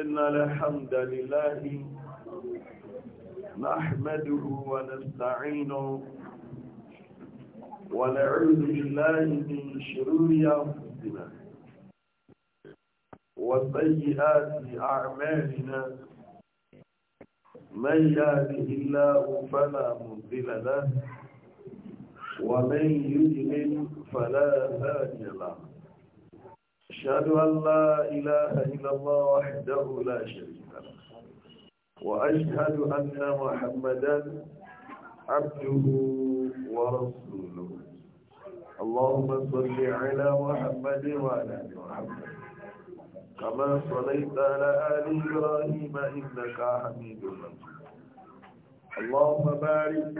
إن الحمد لله نحمده ونستعينه ونعوذ بالله من شرور أنفسنا وسيئات أعمالنا من يهده الله فلا مضل له ومن يضلل فلا هادي له أشهد أن لا إله إلا الله وحده لا شريك له وأشهد أن محمدا عبده ورسوله اللهم صل على محمد وعلى آل محمد كما صليت على آل إبراهيم إنك حميد مجيد اللهم بارك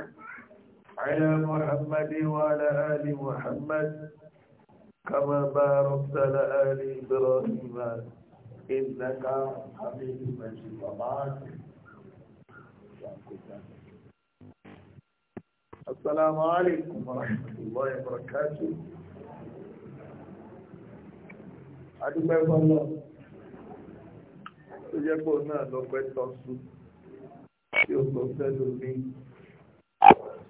على محمد وعلى آل محمد كما باركت لآل إبراهيم إنك حميد مجيد وبعد السلام عليكم ورحمة الله وبركاته أدوك الله tó jẹ́ pò náà lọ́pẹ́ tọ́sù tí ó tó sẹ́lú ní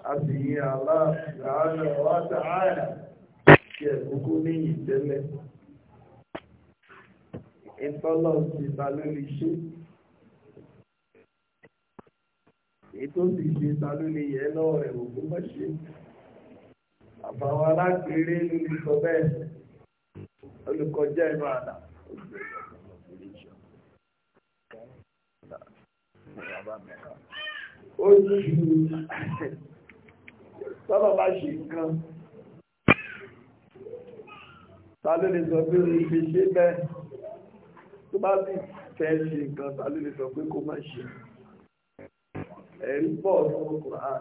a sì yí aláàrẹ̀ wá tààrà kí ẹ̀kúnkú ní ìtẹ́lẹ̀ ìtọ́lọ̀ ti ta lórí ṣe ètò sì ṣe ta lórí yẹ lọ́wọ́ ẹ̀rọ kó bá ṣe àbáwọn alágbèrè lórí sọ bẹ́ẹ̀ olùkọjá ẹnu àdá ó ju sọ́lọ́ bá ṣe nǹkan ta ló lè sọ pé orí fi ṣe bẹ́ẹ̀ tó bá sì fẹ́ ṣe nǹkan ta ló lè sọ pé kó má ṣe ẹ̀rí pọ̀ nínú Quran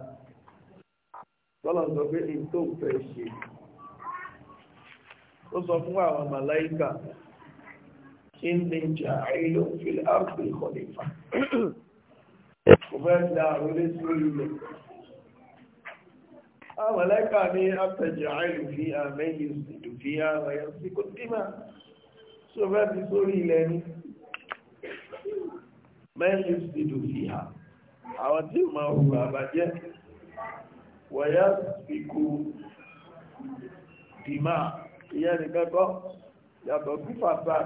tọ́lọ̀ sọ pé èyí tó fẹ́ ṣe ó sọ fún àwọn màláìkà inni jàìlò fil ardi khalifa kò fẹ́ da àrólé sí orílẹ̀ mọ̀lẹ́kà ní àtẹ̀jẹ̀ àìlùfí àmẹ́yìn ìdùfí àwẹ̀yẹ̀ sí kò dímà tó fẹ́ fi sórí ilẹ̀ ní mẹ́yìn ìdùfí à àwọn tí ó máa hùwà àbàjẹ́ wọ̀yá sí kò dímà ìyẹ́ nìkẹ́kọ́ yàtọ̀ sí fàfà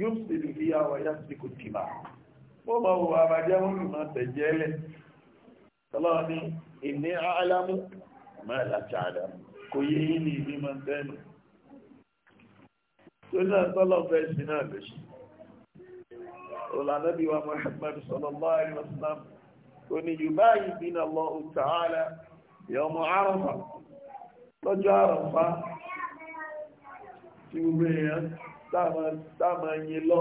yóò sì ìdùfí àwẹ̀yẹ̀ sí kò dímà ó máa hùwà àbàjẹ́ wọ́n sì máa tẹ̀jẹ́ lẹ̀ ما لا تعلم kò yé yín ní ìlú mọ̀ntẹ́nù tó náà tọ́lọ̀ fẹ́ sí náà lè ṣe olànàbí wa Muhammad sallallahu alaihi wasallam kò ní yùbá yìí bí na lọ ta'ala yọmọ Àrafà lọ́jọ́ Àrafà tí gbogbo èèyàn táàmà yìí lọ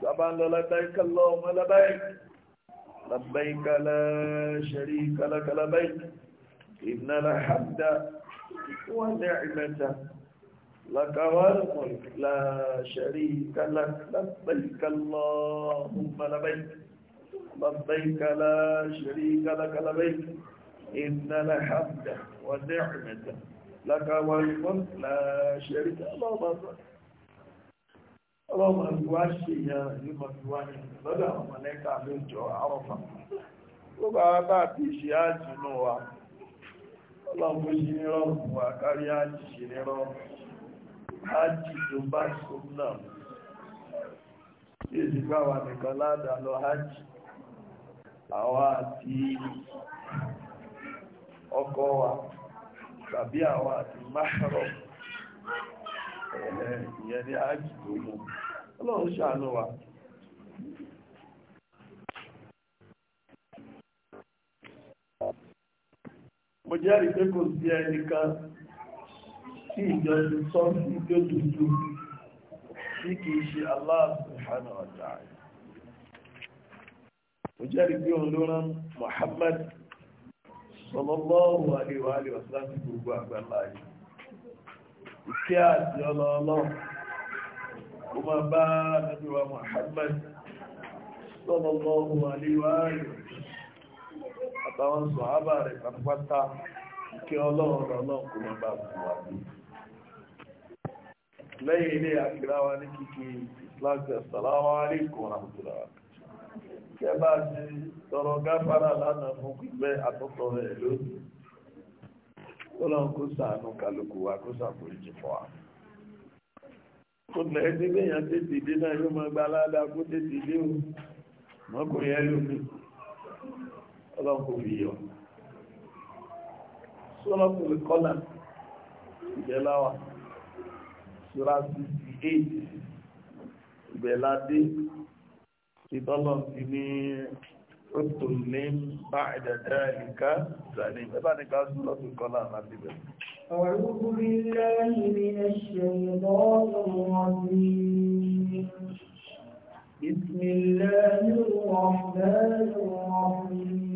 sábà ń lọ labbaika Allahumma labbaik labbaika la sharika laka labbaik إن الحمد ونعمة لك والملك لا شريك لك لبيك اللهم لبيك لبيك لا شريك لك لبيك إن الحمد ونعمة لك والملك لا شريك اللهم أكبر اللهم أكواشيا لما كواني بدأ ملك عبد عرفة لبعض عبد شيئات نوع ọlọ́pù yí ní rọ́pù àkárí ájì ájì tó bá ṣùgbọ́n nìkan ládà lọ ájì àwa àti ọkọ wa tàbí àwa àti máṣọ́rọ̀ ni ájì tó mú ọlọ́run mo jẹ́rìí pé kò sí ẹnìkan tí ìjọsìn sọ sí tó dúdú tí kìí ṣe Allah subhanahu wa ta'ala mo jẹ́rìí pé òun ló rán Muhammad sallallahu alaihi wa sallam gbogbo àgbàlá yìí ìkẹ́ àti ọlọ́ọlọ́ àtàwọn sọ̀hábà rẹ̀ pàtàkì kí ọlọ́run ọlọ́run kò mọ́ bá wà ní lẹ́yìn ilé àkíráwá ní kíkí láti assalamu alaikum rahmatullah kẹba ti tọrọ lánàá fún pípẹ́ rẹ̀ lónìí ọlọ́run kálukú wa wa kò tètè dé náà yóò tètè dé o ọlọ́run kò fi yọ sọ́rọ́ kò fi kọ́là ìbẹ̀láwà ṣúra 68 ìbẹ̀ládé ìtọ́lọ̀ ti ní ọ̀tọ̀ ní bá ìdàdà ìka ìzàlẹ̀ ìbẹ̀bá ní ká sọ́rọ́ kò kọ́là láti bẹ̀rẹ̀ بسم الله الرحمن الرحيم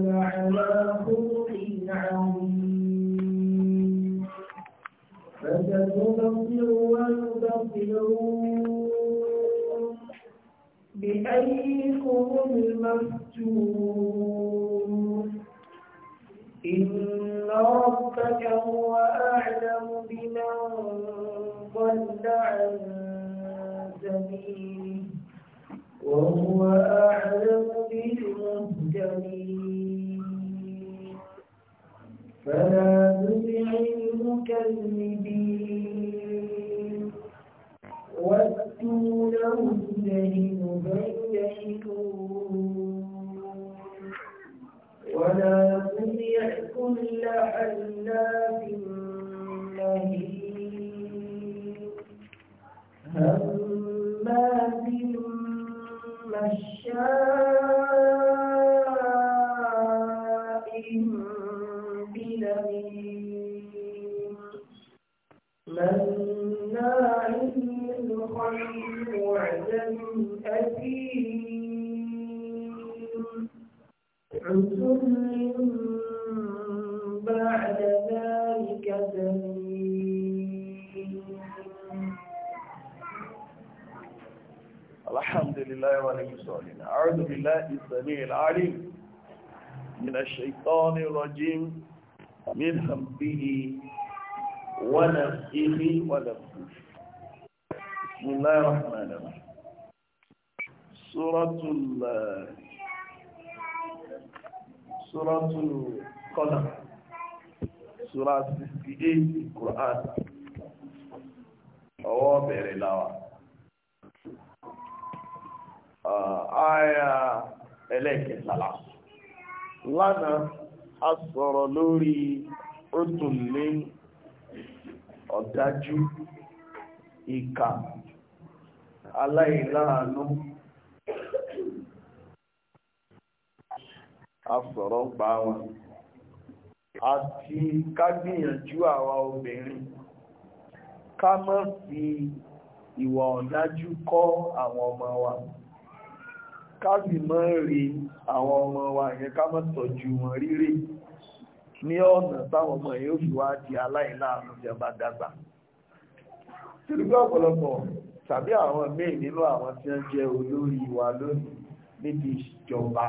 كان على خلق عظيم فستبصر ويبصرون بأيكم المفتون إن ربك هو أعلم بمن ضل عن سبيله وهو أعلم بالمهتدين فلا تطع المكذبين واتوا لهم دين فيحكمون ولا تطع كل حلاف مهين هماز مشاء بنميم مناع للخير وعدم أثيم عسل الله ولي الصالحين أعوذ بالله السميع العليم من الشيطان الرجيم من همه ونفسه ونفسه بسم الله الرحمن الرحيم سورة سورة القلم سورة 68 القرآن أو بير الله àyà ẹlẹ́kẹtàlá lánàá a lori lórí òtúnlé ọ̀dájú ìkà aláìláàánú a sọ̀rọ̀ àti kágbìyànjú awa obìnrin kama má fi ìwà ọ̀dájú kọ́ àwọn ọmọ wa. ká sì mọ́ rí àwọn ọmọ wa yẹn ká mọ́ tọ́jú wọn rírè ní ọ̀nà táwọn ọmọ yóò fi wá di aláìláàánú tí a bá dàgbà tìrìgbà ọ̀pọ̀lọpọ̀ tàbí àwọn míì nínú àwọn tí wọ́n jẹ́ olórí wa lónìí níbi ìjọba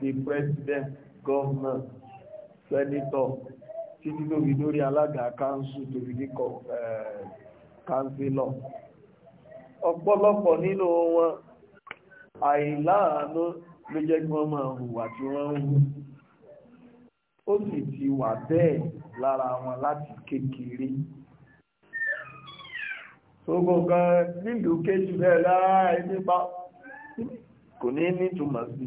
the president governor senator títí tó fi lórí alága council tó fi ní eh, councillor ọ̀pọ̀lọpọ̀ nínú wọn àìláàánú ló jẹ́ kí wọ́n máa hùwà tí wọ́n ń hù ó sì ti wà bẹ́ẹ̀ lára wọn láti kékeré gbogbo kan nílùú kéjì bẹ́ẹ̀ láàárín nípa kò ní nítumọ̀ sí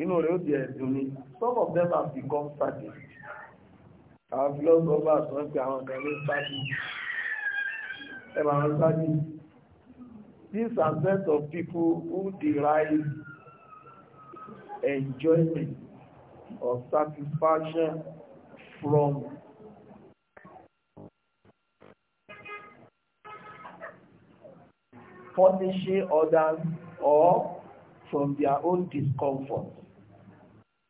inú rẹ̀ ó di ẹ̀dùn ni some of them have become sadist àwọn philosophers wọ́n pe àwọn kan ní sadist ẹ̀ máa ń sadist These are set of people who derive enjoyment or satisfaction from punishing others or from their own discomfort.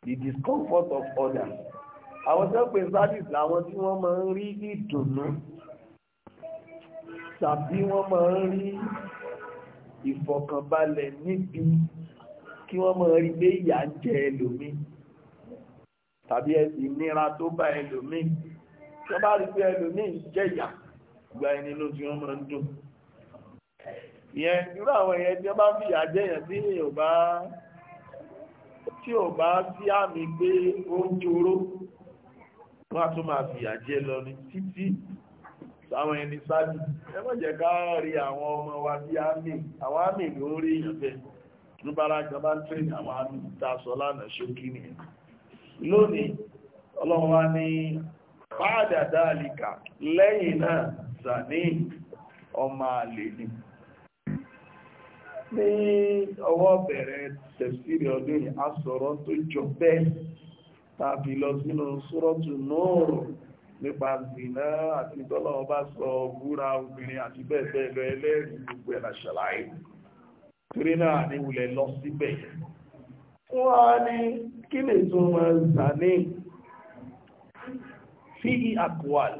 The discomfort of others. Àwọn tó pè sádìs làwọn tí wọ́n máa ń rí ìdùnnú tàbí wọ́n máa ń rí ìfọ̀kànbalẹ̀ níbi kí wọ́n mọ̀ rí pé ìyà ń jẹ ẹlòmí tàbí ìnira tó bá ẹlòmí tí wọ́n bá rí pé ẹlòmí ń jẹ̀yà gba ẹni ló tí wọ́n máa ń dùn ìyẹn irú àwọn èèyàn tí wọ́n bá fi ìyà jẹ̀yàn tí èèyàn bá tí ò bá sí àmì pé ó ń joró wọ́n á tún máa fìyà jẹ lọ ní títí sáwọn ẹni sáájú ẹ má jẹ́ ká rí àwọn ọmọ wa bí ámì àwọn ámì ló rí èèyàn bẹ́ẹ̀ níbára ń tẹ̀lé àwọn ámì tá a sọ lánàá ṣókí nìyẹn lónìí ọlọ́run wa ní báàdà dáàlìkà lẹ́yìn náà sàní ọmọ àlè ni ní ọwọ́ bẹ̀rẹ̀ tẹ̀sírí ọdún yìí a tó jọ bẹ́ẹ̀ tàbí lọ sínú sọ́rọ̀tù nóòrùn nípa zìnà àti tọ́lọ̀ ọba sọ búra obìnrin àti bẹ́ẹ̀ bẹ́ẹ̀ lọ ẹlẹ́rìí gbogbo ẹ̀nà ṣàlàyé torí náà ní wulẹ̀ lọ síbẹ̀ wọ́n á ní kí lè tún wọn zà ní fíì àkùwàl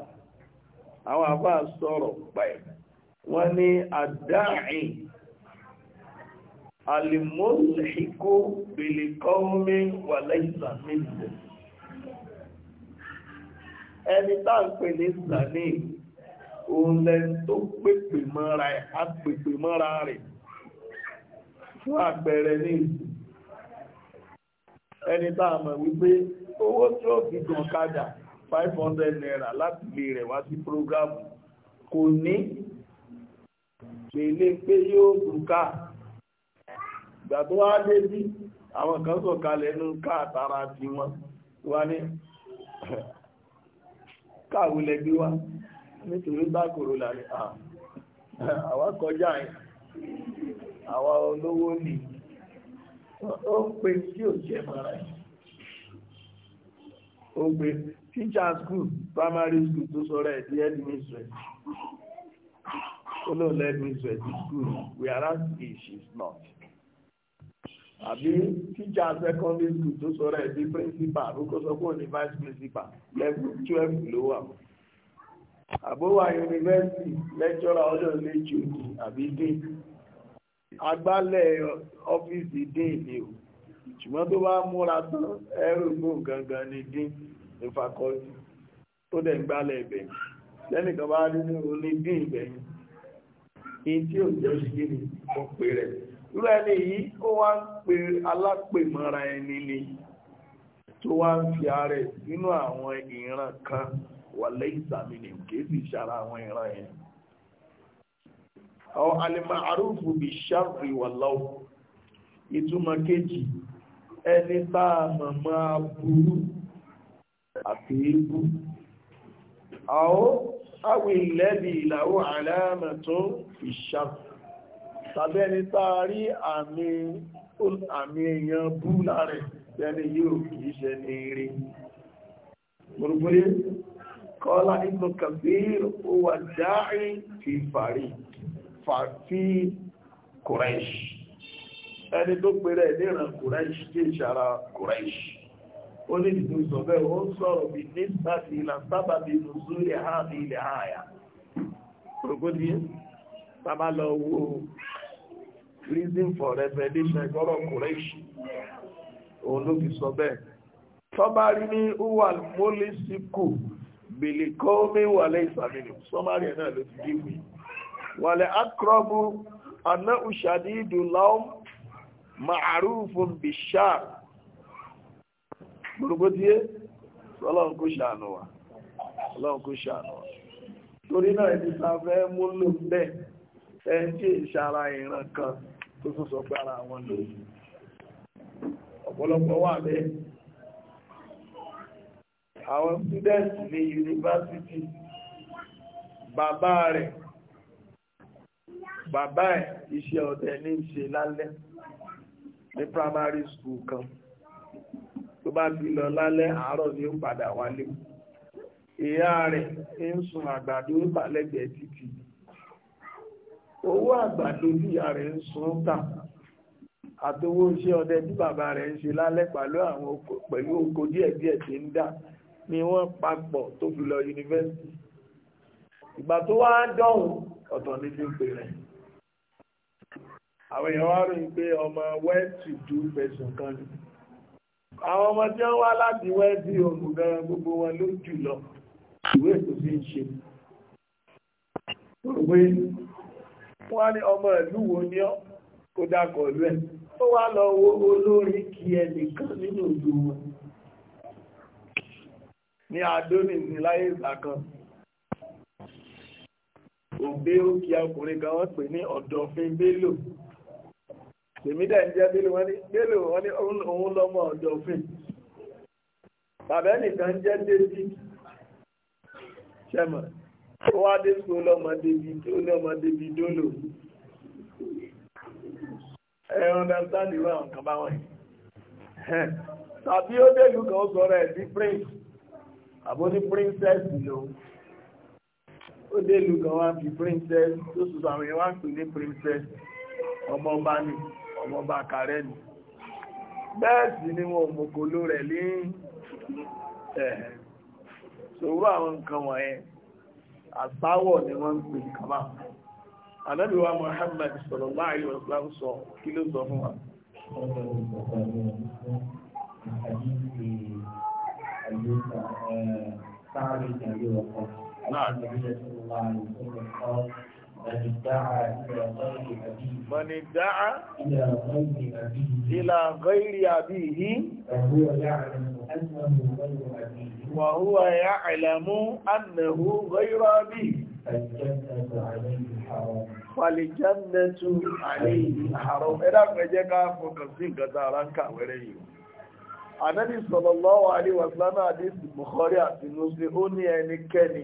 àwọn àbá sọ̀rọ̀ pẹ̀ wọ́n ní àdáhìn alìmọ́lẹ̀kó bèlè kọ́ọ́mí wà lẹ́yìn ẹni tá ń pè ní sàní òun lẹni tó pèpè mọ́ra ẹ̀ á pèpè mọ́ra rẹ̀ fún àpẹẹrẹ ní ẹni tá a mọ̀ wípé owó tí ó fi gàn kadà five hundred naira láti lè rẹ̀ wá sí prógámù kò ní pèlé pé yóò dùn káà ìgbà tó wá dé bí àwọn kan sọ̀kalẹ̀ nínú káà tiwọn wá ní káàwó lẹ́gbé wá nítorí bá kòrò láàrin àwa kọjá yìí àwa olówó nì ó ń pè tí ò jẹ́ mara ẹ̀ ó gbé teacher school primary school tó sọ̀rọ̀ ẹ̀ di headmistress ó lóun headmistress school we whereas she is not àbí teacher secondary school tó sọ̀rọ̀ ẹ̀ principal àbúkọ́ sọ pé òní vice principal level twelve ló wà àbówà yunifásitì lecturer ọdọ̀ lẹ́jọ́ àbí dín agbálẹ̀ ọ́fíìsì dín ni o ṣùgbọ́n tó bá múra tán ẹrù gbòó gangan ni dín ní fakọ́tì tó dẹ̀ ń gbálẹ̀ ibẹ̀ lẹ́nìkan bá rí ní onídìí ibẹ̀ yìí tí ò jẹ́ ṣe kí ni wọ́n pè rẹ̀ irú ẹni yìí ó wá ń pe alápèmọ́ra ẹni ni tó wá ń fi ààrẹ nínú àwọn ìran kan wà lẹ́yìn ìsàmìnì kéèsì ìṣàrà àwọn ìran yẹn àwọn alìmọ̀ àrùfù bí ṣáàrì wà lọ́wọ́ ìtumọ̀ kejì ẹni bá mọ̀mọ́ aburú àti ibú àwọn awìnlẹ́bì ìlàwó àlàmà tó fi ṣáàrì tàbí ẹni táa rí àmì èèyàn bú láàrẹ̀ tẹ́ni yóò kìí ṣe ní rí gbogbogbò kọ́lá ibn Kathir ó wà dáì fi fàrí fàfí Quraish ẹni tó pèrè níran Quraish tí ìṣàrà Quraish ó ní ìdìdó ìsọ̀bẹ̀ ó ń sọ̀rọ̀ bí ní sáàtì ìlà sábàbí nùsúrí àmì ilẹ̀ àyà gbogbogbò tàbá lọ wo reason for revelation ìgbọ́rọ̀ correction òun ló fi sọ bẹ́ẹ̀ tọ́ba rí ní uwal molisiku bìlìkọ́ mẹ́wàlẹ́ ìsàmìlì sọ́márì ẹ̀ náà ló ti dìbò wàlẹ̀ akọ́bù aná òṣàdí ìdùnláwọ́ ma'arufun bishar gbogbogbòdíé ọlọ́run kò ṣàánú wa ọlọ́run kò ṣàánú wa torí náà ẹni sáfẹ́ múlò bẹ́ẹ̀ ẹ̀ ń tí ìṣara ìran kan tó tún sọ pé ara wọn lò ọ̀pọ̀lọpọ̀ wà bẹ́ẹ̀ àwọn students ní yunifásitì bàbá rẹ̀ bàbá ẹ̀ iṣẹ́ ọdẹ ní ṣe lálẹ́ ní primary school kan tó bá ti lọ lálẹ́ àárọ̀ ni ó padà wálé ìyá rẹ̀ ń sun àgbàdo ìbàlẹ́gbẹ̀ẹ́ títì owó àgbàdo bí ìyá rẹ̀ ń sun tà àtowó iṣẹ́ ọdẹ tí bàbá rẹ̀ ń ṣe lálẹ́ pẹ̀lú àwọn pẹ̀lú oko díẹ̀díẹ̀ tí ń dà ni wọ́n papọ̀ tó fi lọ yunifásitì ìgbà tó wá dọ̀hùn ọ̀tọ̀ ní ti ń pè rẹ̀ àwọn èèyàn wá rí i pé ọmọ well-to-do person kan ni àwọn ọmọ tí wọ́n wá láti wẹ́ẹ̀dì ògùn gan gbogbo wọn ló jù lọ ìwé ètò sí ń ṣe wọ́n ní ọmọ ìlú wo ní ọ́ kó dákọ̀ ìlú ẹ̀ ó wá lọ wo olórin kí ẹnìkan nínú ìlú wọn ní adóní ní láyé ìgbà kan òbé òkè ọkùnrin kan wọ́n pè ní ọ̀dọ̀fin bélò tèmídà ń jẹ́ bélò wọ́n ní bélò wọ́n ní òun lọ́mọ ọ̀dọ̀fin bàbá ẹnìkan jẹ́ débi ṣẹmọ̀ ó wá dé sí ọlọ́mọdé bí tó ọlọ́mọdé bí dólò ẹ understand ìwé àwọn kan bá wọ́n yìí tàbí ó dé ìlú kan ó sọ̀rọ̀ ẹ̀ bí prince àbó ní princess lòun ó dé ìlú kan wá fi princess tó sùsù àwọn èèyàn wá ń pè ní princess ọmọ ọba ni ọmọ ọba kàrẹ́ ni bẹ́ẹ̀ sì ni wọn ò mọ̀kò ló rẹ̀ ní ẹ̀ẹ́ sòwúrọ̀ àwọn nǹkan wọ̀nyẹn àsáwọ̀ ni wọ́n ń pè kàmá ànábì wa Muhammad sallallahu alaihi wasallam sọ kí ló sọ fún wa Náà, من ادعى إلى غير أبيه إلى غير أبيه فهو يعلم أنه غير أبيه وهو يعلم أنه غير أبيه فالجنة عليه حرام فالجنة عليه حرام إذا فجأة فكسين كتاران كاوريو Ànábì sallallahu alaihi wasallam àdísì Bukhari àti Muslim ó ní ẹnikẹ́ni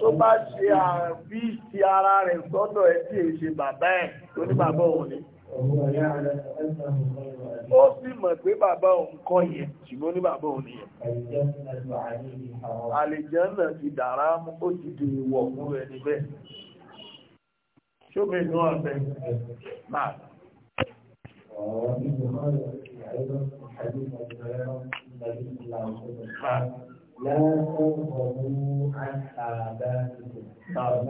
tó bá ṣe àbí ti ara rẹ̀ sọ́dọ̀ ẹ tí è ṣe bàbá ẹ̀ tó ní bàbá òun ni ó sì mọ̀ pé bàbá òun kọ́ yẹn ṣùgbọ́n ní bàbá òun nìyẹn àlìjẹ́nà ti dàrá mú ó ti di ìwọ̀ fún rẹ̀ níbẹ̀ ṣóbi inú ọ̀sẹ̀ náà Thank you. لا تنقضوا عن آبائكم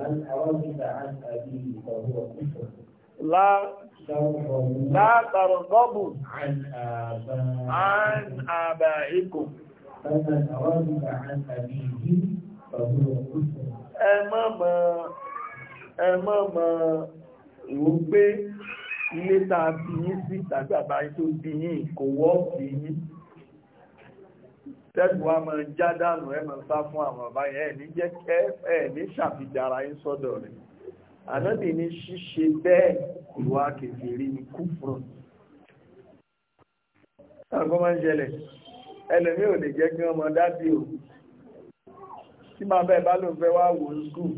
فمن رغب عن أبيه فهو كفر لا لا ترغبوا عن آبائكم عن آبائكم فمن رغب عن أبيه فهو كفر أمام أمام ìwọ́gbé ilé tàbí yín sí tàbí àbáyé tó bí yín kò wọ́ bí yín tẹ́kù wa máa já dànù ẹ máa sá fún àwọn bàbá yẹn ní jẹ́ kẹ́ ẹ ní ṣàfijàra yín sọ́dọ̀ rẹ̀ ànábì ní ṣíṣe bẹ́ẹ̀ ìwà kèfèrí ní kúfùrù àgbọ́n máa ń ṣẹlẹ̀ ẹlòmí ò lè jẹ́ kí wọ́n mọ dádì o tí máa bẹ́ẹ̀ bá ló fẹ́ wá wò ó skul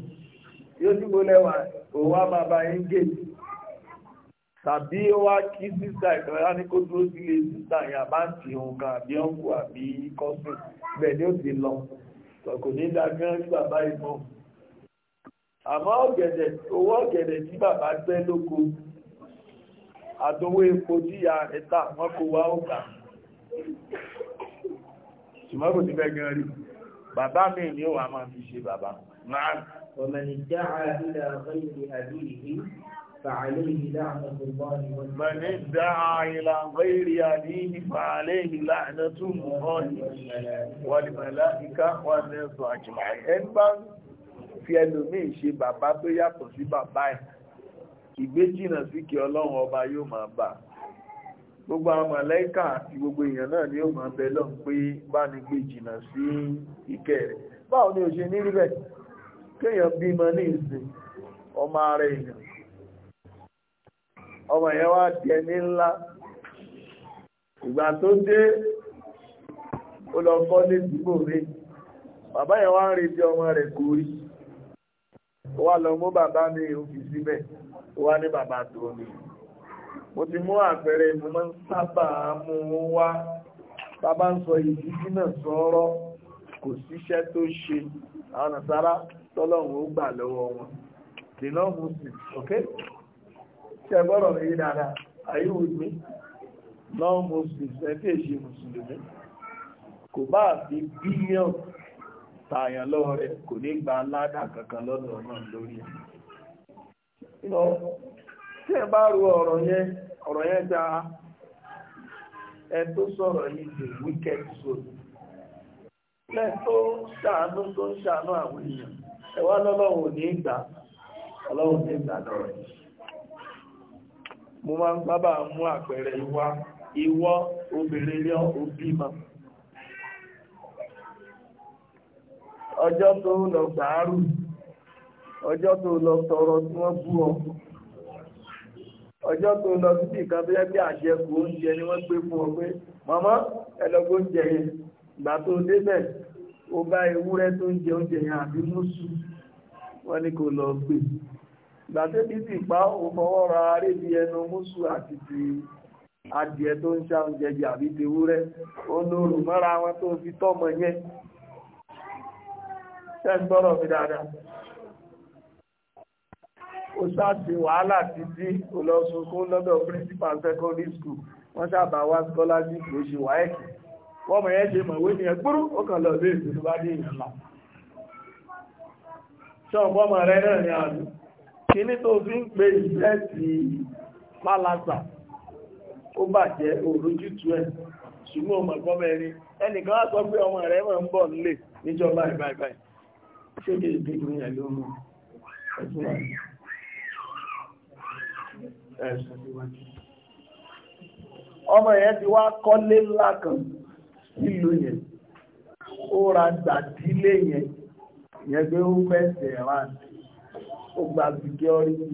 yóò dúró lẹ́wà òun á máa bá yín gèèjì tàbí ó wá kí sísà ìkọ̀lá ní kó dúró sílé sísà ìyà bá ń ti ohun kan àbí ọ̀nkù àbí kọ́sù bẹ́ẹ̀ ni ó ti lọ kò ní dágbé rí bàbá ìmọ̀ àmọ́ ọ̀gẹ̀dẹ̀ owó ọ̀gẹ̀dẹ̀ tí bàbá gbẹ́ lóko àtowó epo díya ẹ̀ta wọ́n kó wá ọ̀gá ṣùgbọ́n kò ti fẹ́ gan rí bàbá mi ni ó wà máa fi ṣe bàbá náà ọmọ ìjà àdúrà فعليه لعنة الله من ادعى إلى غير يدين فعليه لعنة الله والملائكة والناس أجمعين ẹni في fi ẹlòmíì ṣe bàbá tó yàtọ̀ sí bàbá ẹ̀ ìgbéjìnà sí kí ọlọ́run ọba yóò máa bà gbogbo àwọn màláíkà àti gbogbo èèyàn náà ni ó máa bẹ lọ́n pé bá ní gbé jìnà sí ìkẹ́ rẹ̀ báwo ni ò ṣe ní rí bẹ́ẹ̀ kéèyàn bímọ ní ìsìn ọmọ ara èèyàn ọmọ yẹn wá tiẹ̀ ní ńlá ìgbà tó dé ó lọ kọ́ ní ìdúgbò mi bàbá yẹn wá ń retí ọmọ rẹ̀ kò rí ó wá lọ mú bàbá mi ò fi síbẹ̀ ó wá ní bàbá tó mi mo ti mú àpẹẹrẹ mo máa ń sábà mú un wá bàbá ń sọ ìdíjí náà sọ̀rọ̀ kò síṣẹ́ tó ṣe àwọn nàṣàrà tọ́lọ́run ó gbà lọ́wọ́ wọn the law must be okay. ṣẹgbọ́rọ̀ rẹ̀ dáadáa are you with me non-muslims ẹgbẹ́ ìṣe kò bá fi bílíọ̀n tààyàn lọ́wọ́ rẹ̀ kò ní gba aládà kankan lọ́dọ̀ náà lórí ẹ̀ bá ẹ tó ṣàánú tó ń ní mo máa ń sábà mú àpẹẹrẹ ìwá ìwọ obìnrin lé òbí mọ ọjọ́ tó lọ gbàárù ọjọ́ tó lọ sọ̀rọ̀ tí wọ́n bú ọ ọjọ́ tó lọ síbì kan tó yẹ pé àjẹkù oúnjẹ ni wọ́n gbé fún ọ pé màmá ẹlọ́gbọ́n jẹ yẹn ìgbà tó débẹ̀ ó bá ewúrẹ́ tó ń jẹ oúnjẹ yẹn àbí mùsù wọ́n ní kò lọ gbé gbàtẹ́bí sì pa òun fọwọ́ ra aré bí ẹnu mùsù àti ti adìẹ tó ń ṣá oúnjẹ jẹ àbí ti wúrẹ́ ó lóòrùn mọ́ra wọn tó fi tọ́mọ yẹn ṣẹ́gbọ́rọ̀ mi dáadáa ó ṣáàtì wàhálà títí ó lọ lọ́dọ̀ principal secondary school wọ́n ṣàbà wá scholarship ló ṣe wáẹ́kì wọ́n mọ̀ yẹn ṣe mọ̀wé ní ẹgbúrú ó kàn lọ lé ìdúró bá dé ìyànlá ṣọ́ọ̀bọ́mọ̀ rẹ náà ni àdúgbò kíní tó fi ń pe ìrẹsì pálásà ó bàjẹ́ òrójútu ẹ̀ ṣùgbọ́n ọmọ ẹ̀gbọ́n mẹ́rin ẹnìkan á sọ pé ọmọ rẹ̀ wọ́n ń bọ̀ nílé níjọba ìbáìbáì ṣé kí èdè ìgbìyàn ló mú ẹ̀sùn wà ní ẹ̀sùn ọmọ yẹn ti wá kọ́lé ńlá kan sílùú yẹn ó ra gbàdílé yẹn yẹn ó gba security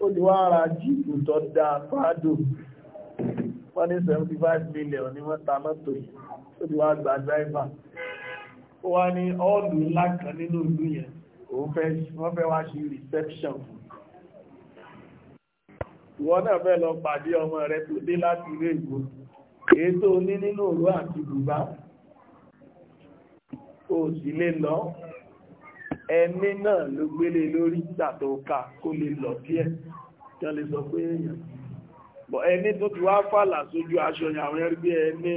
ó ti wá ara jíìpù tó dá fàádò wọ́n ní 75 million ní wọ́n ta mọ́tò ó ti wá gba driver ó wá ní ọ́ọ̀lù ńlá kan nínú ìlú yẹn òun fẹ́ wọ́n fẹ́ wá ṣe reception ìwọ náà fẹ́ lọ pàdé ọmọ rẹ tó dé láti ilé ìgbò èyí tó ní nínú òru àti bùbá ó sì lè lọ ẹni náà ló gbélé lórí ìgbà tó kó lè lọ díẹ̀ lè sọ pé èèyàn bọ̀ ẹni tó ti wá fàlà sójú aṣọ ya ẹrí bí ẹni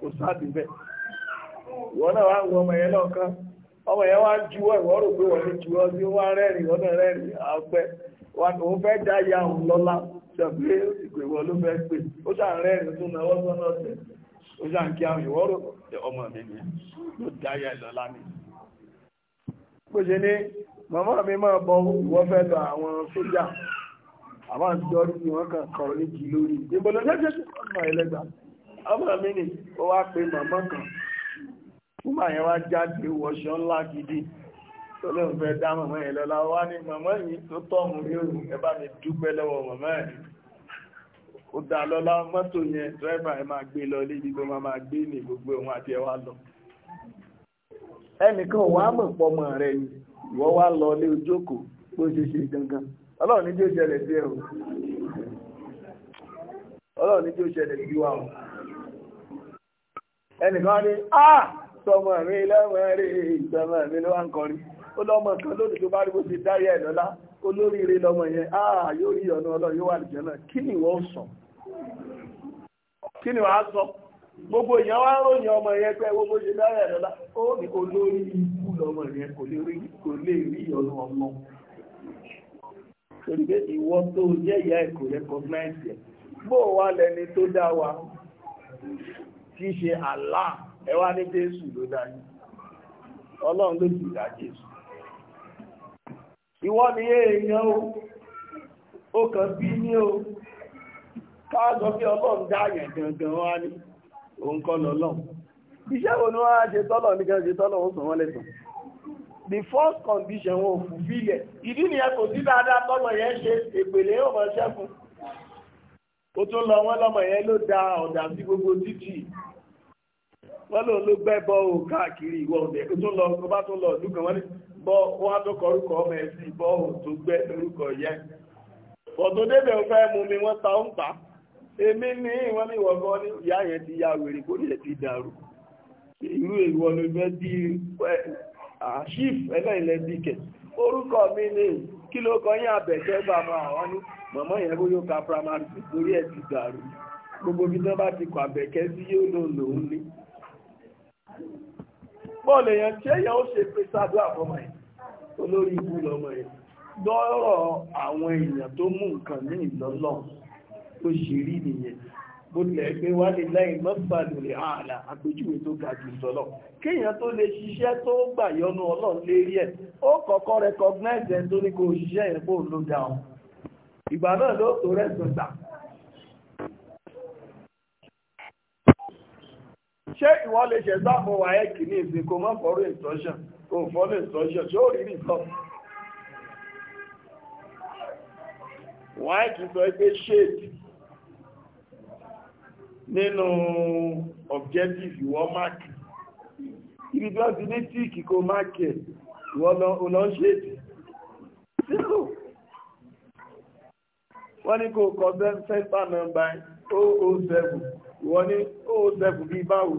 kò sáàdì wọ́n náà wá ń wọ ọmọ yẹn náà kán ọmọ yẹn wá ń juwọ́ ìwọ́n rò pé wọ́n ti juwọ́ sí wọ́n ya òun lọ́lá ìpè ló fẹ́ pè ó ṣàn rẹ́rìn tún náà wọ́n ó ṣàn kí àwọn ìwọ́n rò ọmọ mi ni ya bó ṣe ní màmá mi máa bọ wọ́n fẹ́ lọ àwọn sójà àwọn àtijọ́rú ni wọ́n kàn kọ̀ níjì lórí ìbọ̀lọ́ lẹ́jẹ́ ọmọ ẹlẹ́gbà ọmọ mi ni ó wá pe màmá kan fúnmà yẹn wá jáde wọṣọ ńlá gidi tó lóun fẹ́ dá màmá yẹn lọ́la wá ní màmá yìí tó tọ́mù mi ò ẹ bá mi dúpẹ́ lọ́wọ́ màmá yẹn ó dá lọ́la mọ́tò yẹn dírẹ́fà ẹ máa gbé lọ lébi tó máa gbé ní gbogbo òun àti ẹwà lọ ẹnìkan wà á mọ̀ pọ̀ mọ̀ rẹ̀ ni ìwọ wá lọ lé ojókòó bó ṣe ṣe gangan ọlọ́run ní tí ṣẹlẹ̀ sí ẹ o ọlọ́run ní tí ṣẹlẹ̀ sí wa o ẹnìkan ní mi mi ló wá ń kọrin ó lọ́mọ kan lónìí tó bá rí bó ṣe dárí ẹ̀ lọ́lá olóríire yẹn sọ kí ni wàá gbogbo èèyàn wá ròyìn ọmọ yẹn pé gbogbo ṣe dára lọ́la ó ní ikú lọmọ yẹn kò lè rí kò lè rí ọmọ torí pé ìwọ tó ìyá ẹ̀ recognize ẹ̀ bó wà lẹni tó dá wa tí í ṣe Allah ẹ wá ní Jésù Ọlọ́run ló dá Jésù ìwọ ni èèyàn o ó kàn bí ní o pé Ọlọ́run dá yẹn gangan wá òun kọ́ lọ lọ́n iṣẹ́ wo ni wọ́n á ṣe tọ́lọ̀ ní kẹ́rin ṣe tọ́lọ̀ ó sàn wọ́n the first condition wọn ò fulfill ẹ̀ ìdí nìyẹn kò yẹn ṣe èpèlè yóò mọ ó tún lọ wọ́n yẹn ló da ọ̀dà sí gbogbo títì lòun ló káàkiri ìwọ ó tún lọ ó bá tún lọ ọdún kan èmi ní wọ́n ní ìwọ̀gbọ́ ní ìyá yẹn ti ya wèrè kó lè ti dàrú ìlú ìwọ ló fẹ́ di chief ẹlẹ́ilẹ̀ dìkẹ̀ orúkọ mi ní kí ló kọ yín àbẹ̀kẹ́ bàbá àwọn ní mọ̀mọ́ yẹn kó yóò ka primary six torí ẹ̀ ti dàrú gbogbo bí tán bá ti kọ àbẹ̀kẹ́ sí yóò lò lòun ní. bọ́ọ̀lù èèyàn tí èèyàn ó ṣe pé sábà fọmọ yẹn olórí ikú lọmọ yẹn dọ́rọ̀ àwọn èèyàn tó mú nǹkan ní ìlọ́lọ́run tó ṣe rí nìyẹn bó tilẹ̀ pé wá lè lẹ́yìn mọ́sàlù lè ààlà àpèjúwe tó ga jù sọ́lọ̀ kéèyàn tó lè ṣiṣẹ́ tó gbà yọnu ọlọ́run lérí ẹ̀ ó kọ́kọ́ recognize ẹ̀ tó ní kó ṣiṣẹ́ yẹn kó ló dá ọ ìgbà náà ló tó rẹ̀sùn gbà. ṣé ìwọ lè ṣe sáfún wa ẹ kì ní ìsìn mọ́ fọ́rọ̀ instruction kó fọ́rọ̀ instruction ṣé ó rí nìkan. wáyé kì sọ pé shade nínú objective ìwọ máàkì ibi tó ti ní tí kíkó máàkì ẹ̀ ìwọ lọ ṣe zero wọ́n ní kò kọ sẹ́ńtà nọ́mbà 007 ìwọ ní 007 bí báwo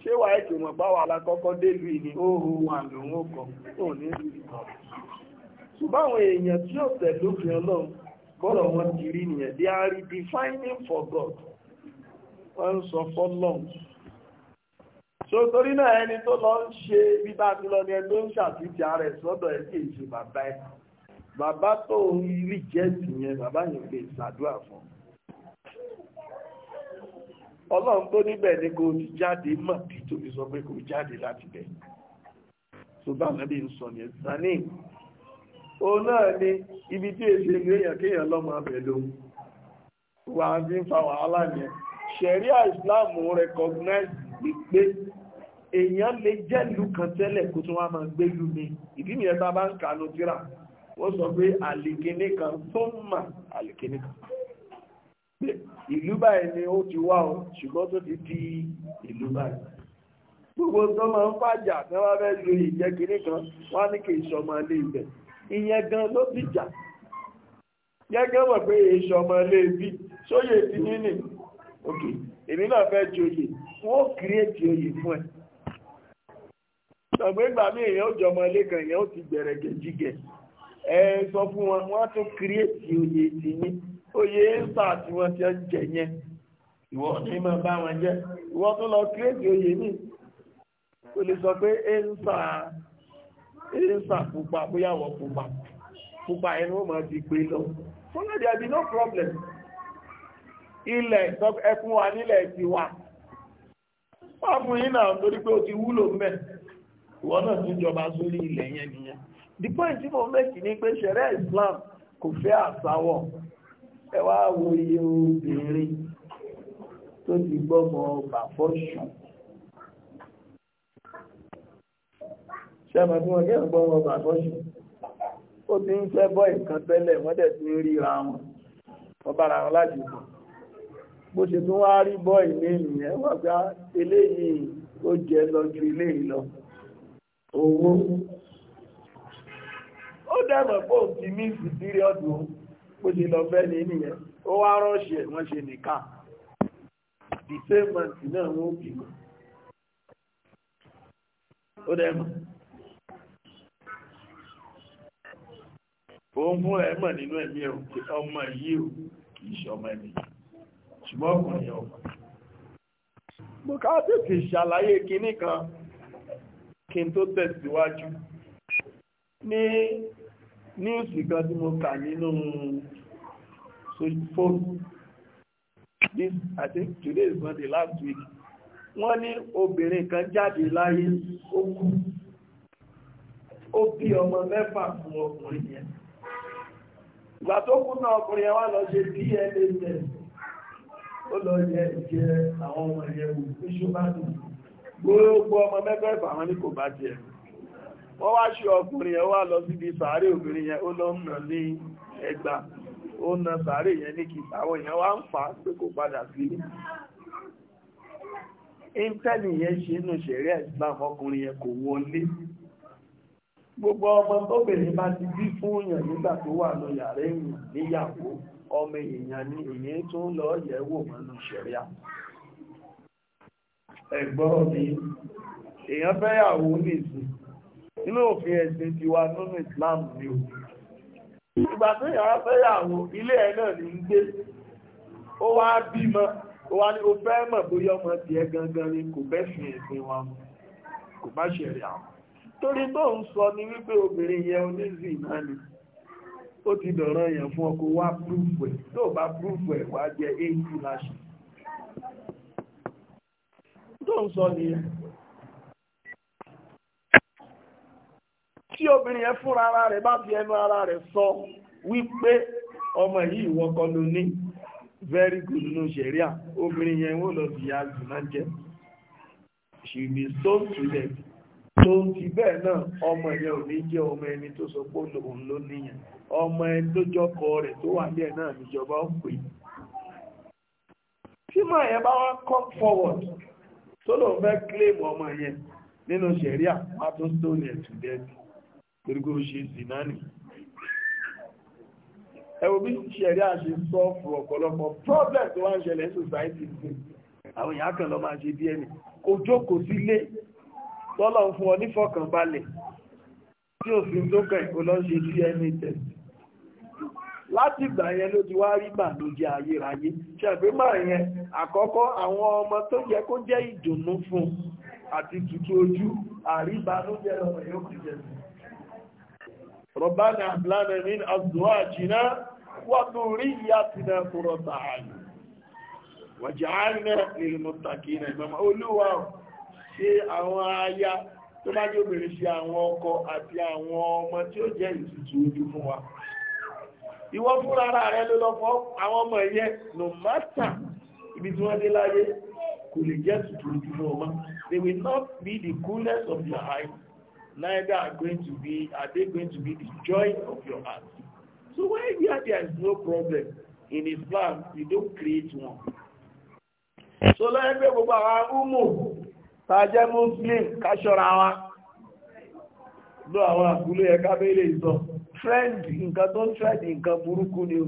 ṣé wàá ètò mọ̀ báwo alákọ́kọ́ délù oh ní 001 lòun ó kọ tó ní ìkọ̀ ṣùgbọ́n àwọn èèyàn tí ó tẹ̀lófin ọlọ́run bọ́rọ̀ wọn ti rí nìyẹn they are redefining for God wọ́n ń sọ fọ́lọ́n so torí náà ẹni tó lọ ń ṣe bí ti lọ ní ẹni tó ń ṣàfihàn ara ẹ̀ sọ́dọ̀ ẹ̀ sì ṣe bàbá ẹ̀ bàbá tó ń rí jẹ́ẹ̀tì yẹn bàbá yẹn lè ṣàdúrà fún ọlọ́run tó níbẹ̀ ni kò ti jáde mọ̀ bí tó sọ pé kò jáde láti bẹ̀ tó bá nàbí ń sọ yẹn sani òun náà ni ibi tí èsì ìgbéyàn kéèyàn lọ́mọ abẹ lòun wà fi ń fa wàhálà yẹn ṣẹ̀ríà islam recognize pé èèyàn lè jẹ́ ìlú kan tẹ́lẹ̀ kó tún wá máa gbé ìlú mi ìdí nìyẹn tá a bá kan tó ń mà kan ìlú báyìí ni ó ti wá o ṣùgbọ́n tó ti di ìlú báyìí gbogbo tó máa ń fàjà tí wọ́n fẹ́ lu kan wọ́n ní kí ìṣọmọ ilé ibẹ̀ ìyẹn gan ló ti jà gẹ́gẹ́ mọ̀ ok èmi náà fẹ́ joyè wọ́n ó kírètì oyè fún ẹ ṣọ̀gbọ́n ìgbà mí èèyàn ó jọmọ ilé kan èèyàn ó ti gbẹ̀rẹ̀ gẹ̀jígẹ̀ ẹ sọ fún wọn wọ́n á tún kírètì oyè tì yín oyè ńsà tí wọ́n ti ń jẹ yẹn ìwọ ní máa bá wọn jẹ ìwọ tó lọ kírètì oyè mi o lè sọ pé ńsà ńsà pupa bóyá wọ pupa pupa ẹnu ó máa ti gbé lọ so now there be no problem. ilẹ̀ ẹkùn wa nílẹ̀ ti wà fáàmù yìí náà torí pé o ti wúlò mẹ́ ìwọ náà tún jọba sórí ilẹ̀ yẹn nìyẹn the point tí mo mẹ́kì ni pé Islam kò fẹ́ àsáwọ̀ ẹ wá wo iye obìnrin tó ti gbọ́mọ ọgbà gbọ́mọ ó ti ń fẹ́ bọ́ ìkan tẹ́lẹ̀ wọ́n dẹ̀ ti ń ríra bó ṣe tún wá rí bọ́ ìní ìyẹn wà pé eléyìí ó jẹ lọ ju eléyìí owó ó dẹ̀mọ̀ pé ti ọdún bó ṣe lọ fẹ́ ní nìyẹn ó wá rọ́ọ̀ṣẹ̀ wọ́n ṣe nìkan the same month náà wọ́n ó dẹ̀mọ̀ òun fún ẹ̀mọ̀ nínú ẹ̀mí ọmọ yìí ò kìí ṣọmọ ẹ̀mí ṣùgbọ́n ọkùnrin yẹn ọkùnrin mo ká tètè ṣàlàyé kinní kan kí n tó tẹ̀síwájú ní níùsì kan tí mo kà nínú fóònù this i think today is Monday last week wọ́n ní obìnrin kan jáde láyé ó kú ó bí ọmọ mẹ́fà fún ọkùnrin yẹn ìgbà tó kú náà ọkùnrin yẹn wá lọ ṣe DNA test o lọ yẹ ìjẹ àwọn ọmọ ìyẹ̀wò ní ṣúbátù gbogbo ọmọ mẹ́fẹ́fà àwọn ní kò bá jẹ wọ́n wá ṣe ọkùnrin yẹn wá lọ síbi sàárè obìnrin yẹn ó lọ ń ní ẹgbà ó na sàárè yẹn ní kìtà àwọn èèyàn wá ń fà á pé kò padà sí yẹn ṣe inú Islam ọkùnrin yẹn gbogbo ọmọ tóbìnrin bá ti bí fún yàn nígbà wà lọ yàrá ọmọ èèyàn ní èyí tó ń lọ yẹ̀wò mọ́nú ṣẹ̀ríà ẹ̀gbọ́n mi èèyàn fẹ́yàwó nìsín nínú òfin ẹ̀sìn tiwa nínú Islam ni o ìgbà tó yàrá fẹ́yàwó ilé ẹ̀ náà ní ń gbé ó wá bímọ ó wá ní o fẹ́ mọ̀ bóyá ọmọ tiẹ̀ gangan ni kò bẹ́ fi ẹ̀sìn wa kò bá ṣẹ̀ríà torí tó ń sọ ni wípé obìnrin yẹ onízì náà ni ó ti dọ̀rọ̀ èèyàn fún ọkọ̀ wá púrúfù ẹ̀ tó bá púrúfù ẹ̀ wá jẹ 80 láṣì tó ń sọ nìyẹn tí obìnrin yẹn fúnra ara rẹ̀ bá fi ẹnu ara rẹ̀ sọ wípé ọmọ yìí ìwọ ló ní very good nínú ṣẹ̀ríà obìnrin yẹn wọ́n lọ sí yàgùn náà jẹ́ she be so student tó ń ti bẹ́ẹ̀ náà ọmọ yẹn ò ní jẹ́ ọmọ ẹni tó sọ pé òun ló níyẹn ọmọ ẹni tó jọkọ rẹ̀ tó wà ní ẹ̀ náà níjọba ó pè tí mọ̀ ẹ̀ bá wá come forward tó lòun fẹ́ claim ọmọ yẹn nínú sẹ̀ríà má tó stone ẹ̀ to death torí kó ṣe zinani ẹwọ bí ṣẹ̀ríà ṣe sọ fún ọ̀pọ̀lọpọ̀ problem tó wá ń ṣẹlẹ̀ society ṣe àwọn èèyàn kan lọ máa ṣe díẹ̀ ni kò jókòó sílé tọ́lọ̀ fún ọ nífọ̀kànbalẹ̀ tí òfin tó kàn ìkọlọ́ ṣe DNA test láti ìgbà yẹn ló ti wá rí bànújẹ́ ayérayé ṣẹ̀gbẹ́mọ̀ yẹn àkọ́kọ́ àwọn ọmọ tó yẹ kó jẹ́ ìdùnnú fún àti tutù ojú àríbànújẹ́ lọ́wọ́ yóò fi jẹ́ sí ربنا أبلغنا من أزواجنا وذرياتنا قرة أعين وجعلنا للمتقين إماما Olúwa ṣe àwọn aya tó bá jẹ́ obìnrin ṣe àwọn ọkọ àti àwọn ọmọ tí ó jẹ́ ìtùtù ojú fún wa ìwọ fúnra ara rẹ ló lọ fọ àwọn ọmọ ẹ̀yẹ no matter ibi tí wọ́n dé láyé kò lè jẹ́ tuntun ojúmọ́ ọmọ they will not be the coolness of your eye neither are going to be are they going to be the joy of your heart so why here there is no problem in Islam you don't create one so lọ́yẹ́ pé gbogbo àwọn umu tàjẹ́ muslim ká ṣọ́ra wa lọ àwọn àkúlé ẹ̀ká bẹ́ẹ̀lẹ̀ ìsọ́ trend nǹkan tó ń trend nǹkan burúkú ni o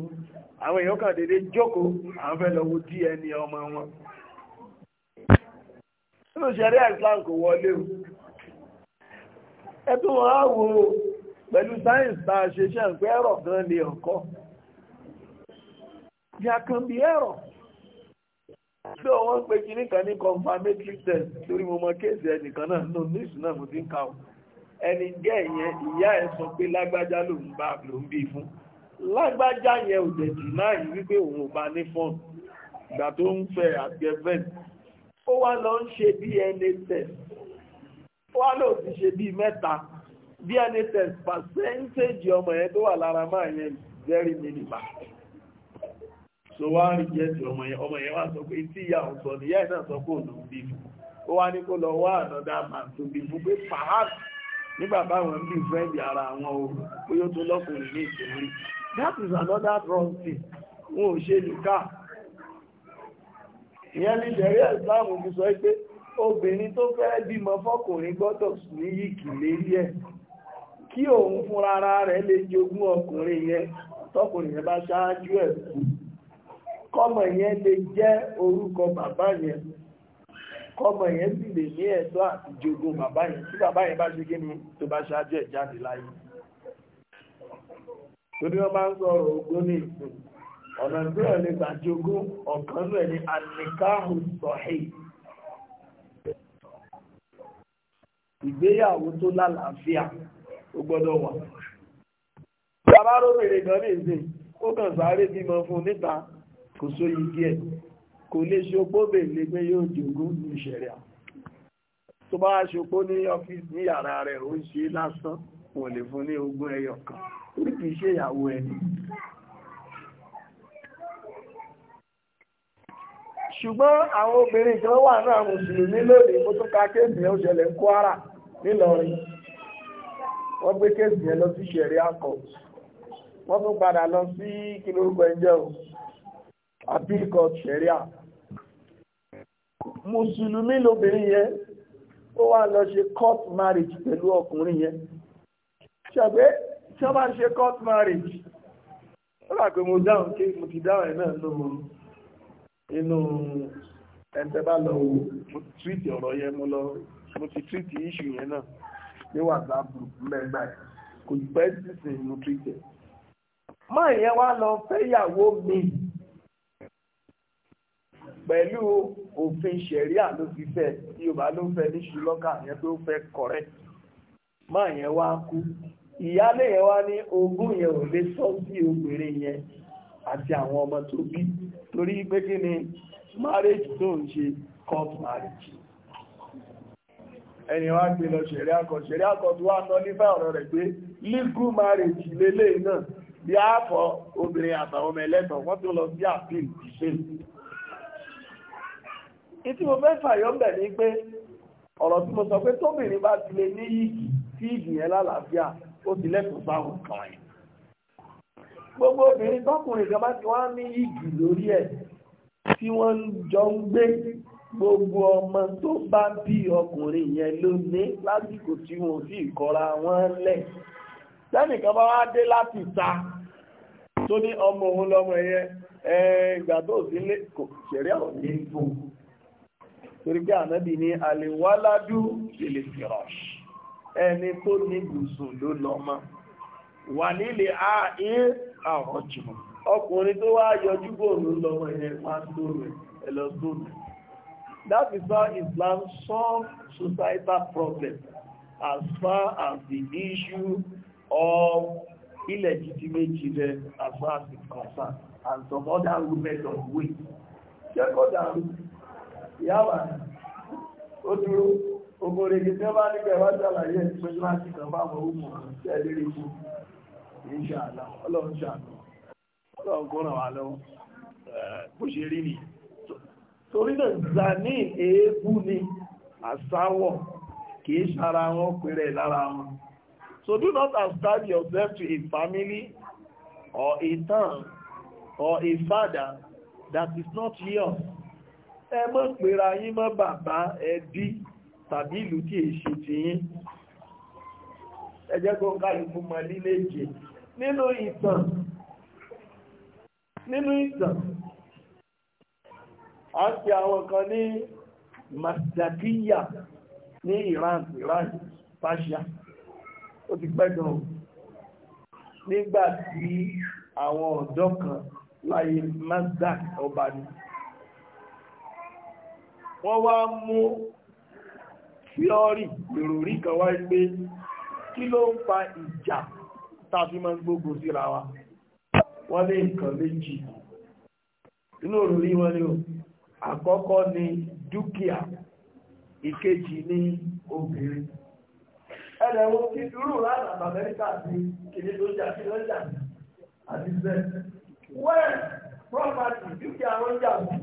àwọn èèyàn kan dédé jókòó àwọn fẹ́ lọ wo DNA ọmọ wọn nínú ṣẹ̀rí Islam kò wọlé o Ebe wọn á wo pẹ̀lú sáyẹ̀nsì tá a ṣe ṣe ń pẹ́ ẹ̀rọ gan lè ọ̀kọ́ there can be error wọ́n pe kinní kan ní confirmatory test torí mo mọ kéèsì ẹnìkan náà nínú náà mo ti ẹni gẹ́ ìyẹn ìyá ẹ̀ sọ pé lágbájá ló ń bá ló ń bí fún lágbájá yẹn ò dẹ̀dì náà yìí wípé òun ò bá ní fọ́ọ̀nù ìgbà tó ń fẹ́ àgẹ́fẹ́n ó wá lọ ń ṣe DNA test ó wá lọ ti ṣe bíi mẹ́ta DNA test percentage ọmọ yẹn tó wà lára máa yẹn very minimal so wá rí jẹ́sì ọmọ yẹn ọmọ yẹn wá sọ pé tí ìyá òun sọ nìyá ẹ̀ náà sọ pé òun ló ń bí fún ó wá ní kó lọ wá ànádá màá tó fún pé perhaps nígbà báwọn bí fẹ́ẹ̀dì ara àwọn o lọ́kùnrin ní ìtòrí that is another wrong thing wọn ò ṣe nìkà ìyẹn ní ìdẹ̀rí ẹ̀sìláàmù fi sọ pé obìnrin tó fẹ́ bímọ fọ́kùnrin gbọ́dọ̀ ní yìkì lérí ẹ̀ kí òun fúnra ara rẹ̀ lè jogún ọkùnrin yẹn tọkùnrin yẹn bá ṣáájú ẹ̀ kú yẹn lè jẹ́ orúkọ bàbá yẹn kọmọ yẹn sì lè ní ẹ̀tọ́ àti jogún bàbá yẹn tí bàbá yẹn bá ṣe kí ni tó bá ṣáájú ẹ̀ jáde láyé torí wọ́n bá ń sọ̀rọ̀ ogún ní ìsìn ọ̀nà tí wọ́n lè gbà jogún ọ̀kan náà ni anìkáhùn sọ̀hìn ìgbéyàwó tó lálàáfíà ó gbọ́dọ̀ wà. Bàbá rómìnrin gan ní ìsìn, ó kàn sáré bímọ fún níta kò sóyí díẹ̀ kò lè ṣopó bèèlè pé yóò jogún ní ìṣẹ̀rẹ̀ tó bá ṣopó ní ọ́fíìsì ní yàrá rẹ̀ ó ṣe lásán wọ́n lè fún ní ogún ẹyọ kan orí kìí ṣe ìyàwó ẹni ṣùgbọ́n àwọn obìnrin kan wà náà mùsùlùmí lónìí mo tún ka kéèsì yẹn ó ṣẹlẹ̀ ní Kwara nílọrin wọ́n gbé kéèsì yẹn lọ sí ṣẹ̀rí akọ̀ wọ́n tún padà lọ sí kí lórúkọ ẹjẹ́ o appeal ṣẹ̀rí akọ̀ mùsùlùmí lóbìnrin yẹn ó wá lọ ṣe court marriage pẹ̀lú ọkùnrin yẹn ṣàgbé tí wọ́n bá ṣe court marriage ó rà pé mo dáhùn kí mo ti dáhùn ẹ̀ náà lóhun inú ẹ̀ntẹ́ bá lọ wò mo ti tíìtì ọ̀rọ̀ yẹn mo lọ mo ti tíìtì issue yẹn náà ní whatsapp group mẹ́gbà ẹ̀ kò pẹ́ sísìn mo tíìtì ẹ̀ máa yẹn wá lọ fẹ́yàwó mi pẹ̀lú òfin ṣẹ̀ríà ló tí o bá ló fẹ́ ní ṣùlọ́kà yẹn tó fẹ́ correct máa yẹn wá kú ìyálé yẹn wá ní ogún yẹn ò lè sọ sí obìnrin yẹn àti àwọn ọmọ tó bí torí pé kí ni marriage tó ń ṣe court marriage ẹni wá gbé lọ ṣẹ̀ríà kan ṣẹ̀ríà kan tó wá sọ nífà ọ̀rọ̀ rẹ̀ pé legal marriage lélẹ́yìn náà bí àáfọ̀ obìnrin àtàwọn ọmọ ẹlẹ́tọ̀ wọ́n tó lọ sí àpíl ìṣèlú ìtí mo fẹ́ fàyọ́ ń bẹ̀ ní pé ọ̀rọ̀ tí mo sọ pé tóbìnrin bá ti lè ní yìgì tí yìgì yẹn lálàáfíà ó ti lẹ́kùn sáwọn kan yẹn gbogbo obìnrin tọkùnrin kan bá ti wá ní yìgì lórí ẹ̀ tí wọ́n jọ ń gbé gbogbo ọmọ tó bá bí ọkùnrin yẹn ló lásìkò tí wọn sì kọra wọn lẹ̀ tẹ́nìkan bá wá dé láti ta tó ní ọmọ òun lọ́mọ yẹn ìgbà tó sí kò ṣẹ̀rí àwọn yẹn fún un torí ànábì ní àlèwáládú ilé fìrọ̀ṣ ẹni tó ní gùsùn ló lọ́mọ wà nílé àáyé àwọn jùmọ̀ ọkùnrin tó wá yọjú bòrò lọ́wọ́ ẹ̀ wá sóòrò ẹ̀ lọ That is how Islam solves societal problems as far as the issue of illegitimate children as far as it's concerned and some other women of weight. Check out that ìyáwà ó dúró ogun rege tí ó bá ní kẹwàá ṣàlàyé ìpínlẹ̀ láti kan bá wọ òmù tí ẹ lérí ikú kìí ọlọ́run ṣàlà ọlọ́run kó ràn wá bó ṣe rí ni torí náà zanin èébú ni àsáwọ̀ kìí ṣara wọn pèrè lára wọn So do not ascribe yourself to a family or a town or a father that is not yours ẹ mọ́ pèrà yín mọ́ bàbá ẹbí tàbí ìlú tí è ṣe ti yín ẹjẹ́ kó kálùkù mọ̀ lílé jẹ nínú ìtàn nínú ìtàn a ń pè àwọn kan ní Masdakiya ní Iran Iran Persia ó ti pẹ́gàn nígbàtí àwọn ọ̀dọ́ kan láyé Mazdak ọba ni. wọ́n wá mú fíọ́rì ìròrí kan wá gbé kí ló ń fa ìjà tàbí máa ń síra wa wọ́n ní nǹkan méjì inú òròrí wọn ni o àkọ́kọ́ ni dúkìá ìkejì ni obìnrin ẹlẹ́wọ́ kí irú láti Amẹ́ríkà àti kìdí tó jà sí lọ́jà àti bẹ́ẹ̀ wẹ́ẹ̀ property dúkìá jà sí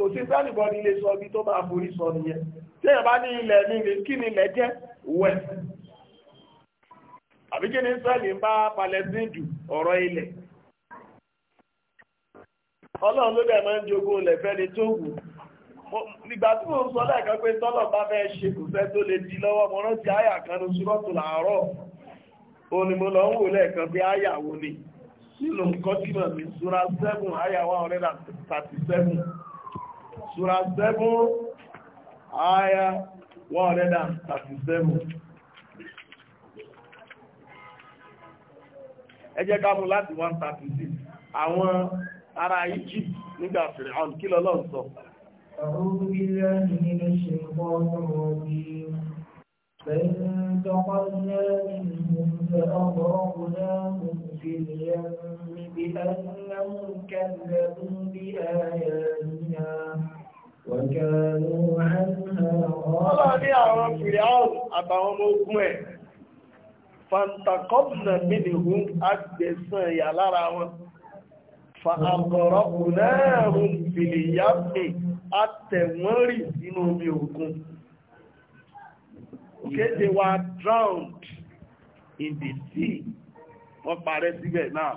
kò sí sẹ́nìbọ̀dì ilé sọ bí tó máa forí sọ nìyẹn tí èèyàn bá ní ilẹ̀ ní kí ni ilẹ̀ jẹ́ west àbí kí ni Israel ń bá Palestine dù ọ̀rọ̀ ilẹ̀ ọlọ́run ló dẹ̀ máa ń jogún ilẹ̀ fẹ́ni tó wù nígbà tí mo ń sọ lẹ́ẹ̀kan pé tọ́lọ̀ bá fẹ́ ṣe kò fẹ́ tó lè di lọ́wọ́ mo rántí àyà kan ní ṣúrọ́tù làárọ̀ o ni mo lọ ń wò lẹ́ẹ̀kan bí àyà wo ni nínú nǹkan tí mo mi ṣúra 7 àyà 137 Surah 7, Ayah 137. Ẹ jẹ́ ká mú láti 136. Àwọn ará Egypt nígbà Fìrìhàn kí lọ́lọ́ sọ. أعوذ بالله من الشيطان الرجيم فانتقلنا منهم فأغرقناهم في اليم بأنهم كذبوا بآياتنا Ọlọ́run ní àwọn Fìrìáùn àtàwọn ìyà lára wọn, Fàkọ̀rọ̀kù náà hùn fìlì yáfẹ́ àtẹ̀wọ́n rì sínú omi òkun. Kéde wa drowned in the sea. wọ́n parẹ́ síbẹ̀ náà.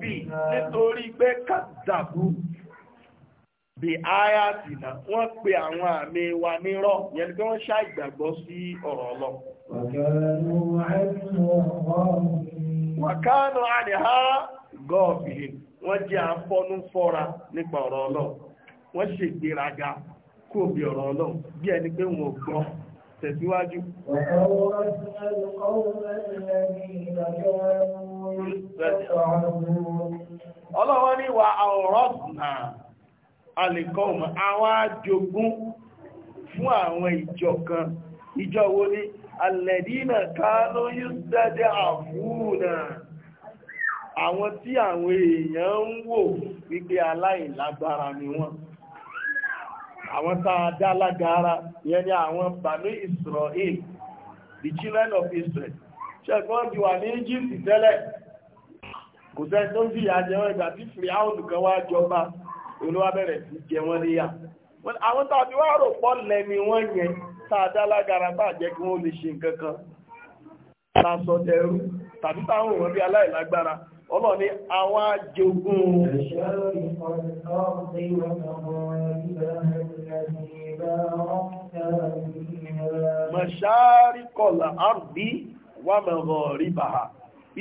Bí nítorí pé kàdàbú bí áyá na. wọ́n pe àwọn àmì wa nírọ́, yẹn wọ́n ṣá ìgbàgbọ́ sí ọ̀rọ̀ lọ. Wàkánù àníhá gọ́ọ̀bì, wọ́n jẹ́ afọ́nú fọ́ra nípa ọ̀rọ̀ Wọ́n ọ̀rọ̀ bí ẹni pé wọn tẹ̀síwájú. Ọlọ́wọ́ ní wa àwọ̀rọ̀sùnà alìkọ́ùmù àwọn àjogún fún àwọn ìjọ kan. Ìjọ wo ni Alẹ̀dínà káánú yúsẹ́dẹ́ àfúnà àwọn tí àwọn èèyàn ń wò wípé aláìlágbára ni wọ́n. àwọn tá a dá yẹn ni àwọn bàmí Israel the children of Israel ṣẹ́gbọ́n ti wà ní Egypt tẹ́lẹ̀ kò sẹ́ tó ń fìyà jẹ wọ́n ìgbà tí kan wá jọba olúwa bẹ̀rẹ̀ sí jẹ wọ́n níyà àwọn tá a wá rò lẹ́ni wọ́n yẹn tá a dá bá jẹ́ kí wọ́n lè ṣe nǹkan kan tá a sọ tàbí táwọn òun bí الذي باركنا فيها مشارق الأرض ومغاربها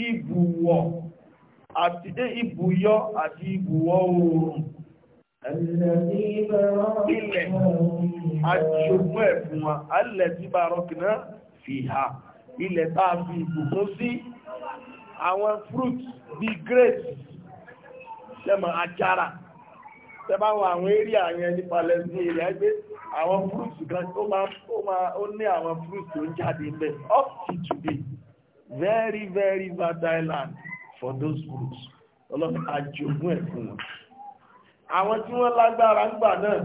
ibùwọ̀ àti eh, ibùyọ àti ibùwọ̀ oòrùn ilẹ̀ àjògùn ẹ̀fún wa alẹ̀ tí bá rọ́kìná fi ha ilẹ̀ táa fi ibùkó sí àwọn fruit bí grapes lẹ́mọ̀ àjára tẹ́bá wọn àwọn area yẹn ní Palestine area gbé àwọn fruits gan ó máa ó máa ó ní àwọn fruits tó ń jáde ń bẹ̀ up to today very very fertile land for those fruits ọlọ́ni àjogún ẹ̀ fún wọn àwọn tí wọ́n lágbára ń gbà náà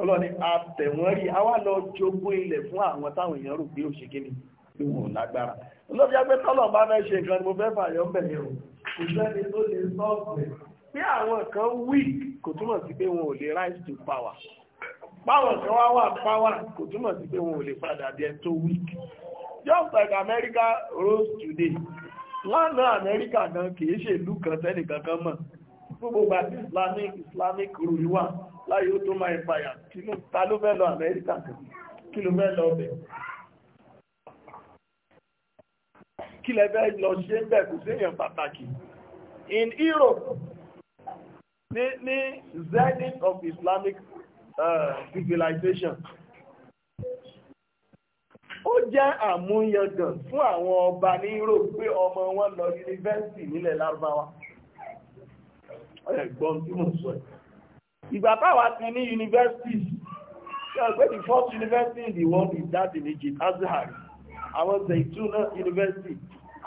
ọlọ́ni àtẹ̀wọ́n rí àwa lọ jogún ilẹ̀ fún àwọn táwọn èèyàn rò pé ó ṣe kí ni pé wọn ò lágbára olóbi agbẹ́tọ́lọ̀ bá fẹ́ ṣe nǹkan ni mo fẹ́ fàyọ́ bẹ̀rẹ̀ o kò sẹ́ni tó lè sọ́ọ̀bù pé àwọn kan weak kò túmọ̀ sí pé wọn ò lè rise to power Power, kan wá wà power kò túmọ̀ sí pé wọn ò lè padà di ẹni tó weak just like America rose today lánàá America gan kì í ṣe ìlú kan sẹ́nì kankan mọ̀ gbogbo gba Islamic Islamic rule wà láyé ó tó máa ń fàyà ta ló fẹ́ lọ America kan kí ló fẹ́ lọ bẹ̀ kí lẹ fẹ́ lọ ṣe ń bẹ̀ kò séèyàn pàtàkì in Europe ní zenith of Islamic uh, civilization ó jẹ́ àmúyangàn fún àwọn ọba ní Europe pé ọmọ wọn lọ yunifásitì nílẹ̀ lárúbáwá ẹ̀gbọ́n tí mo sọ ìgbà táwa ti ní yunifásitì ṣẹ́gbẹ́ the first university in the world is that in Egypt Azhar àwọn Zaituna University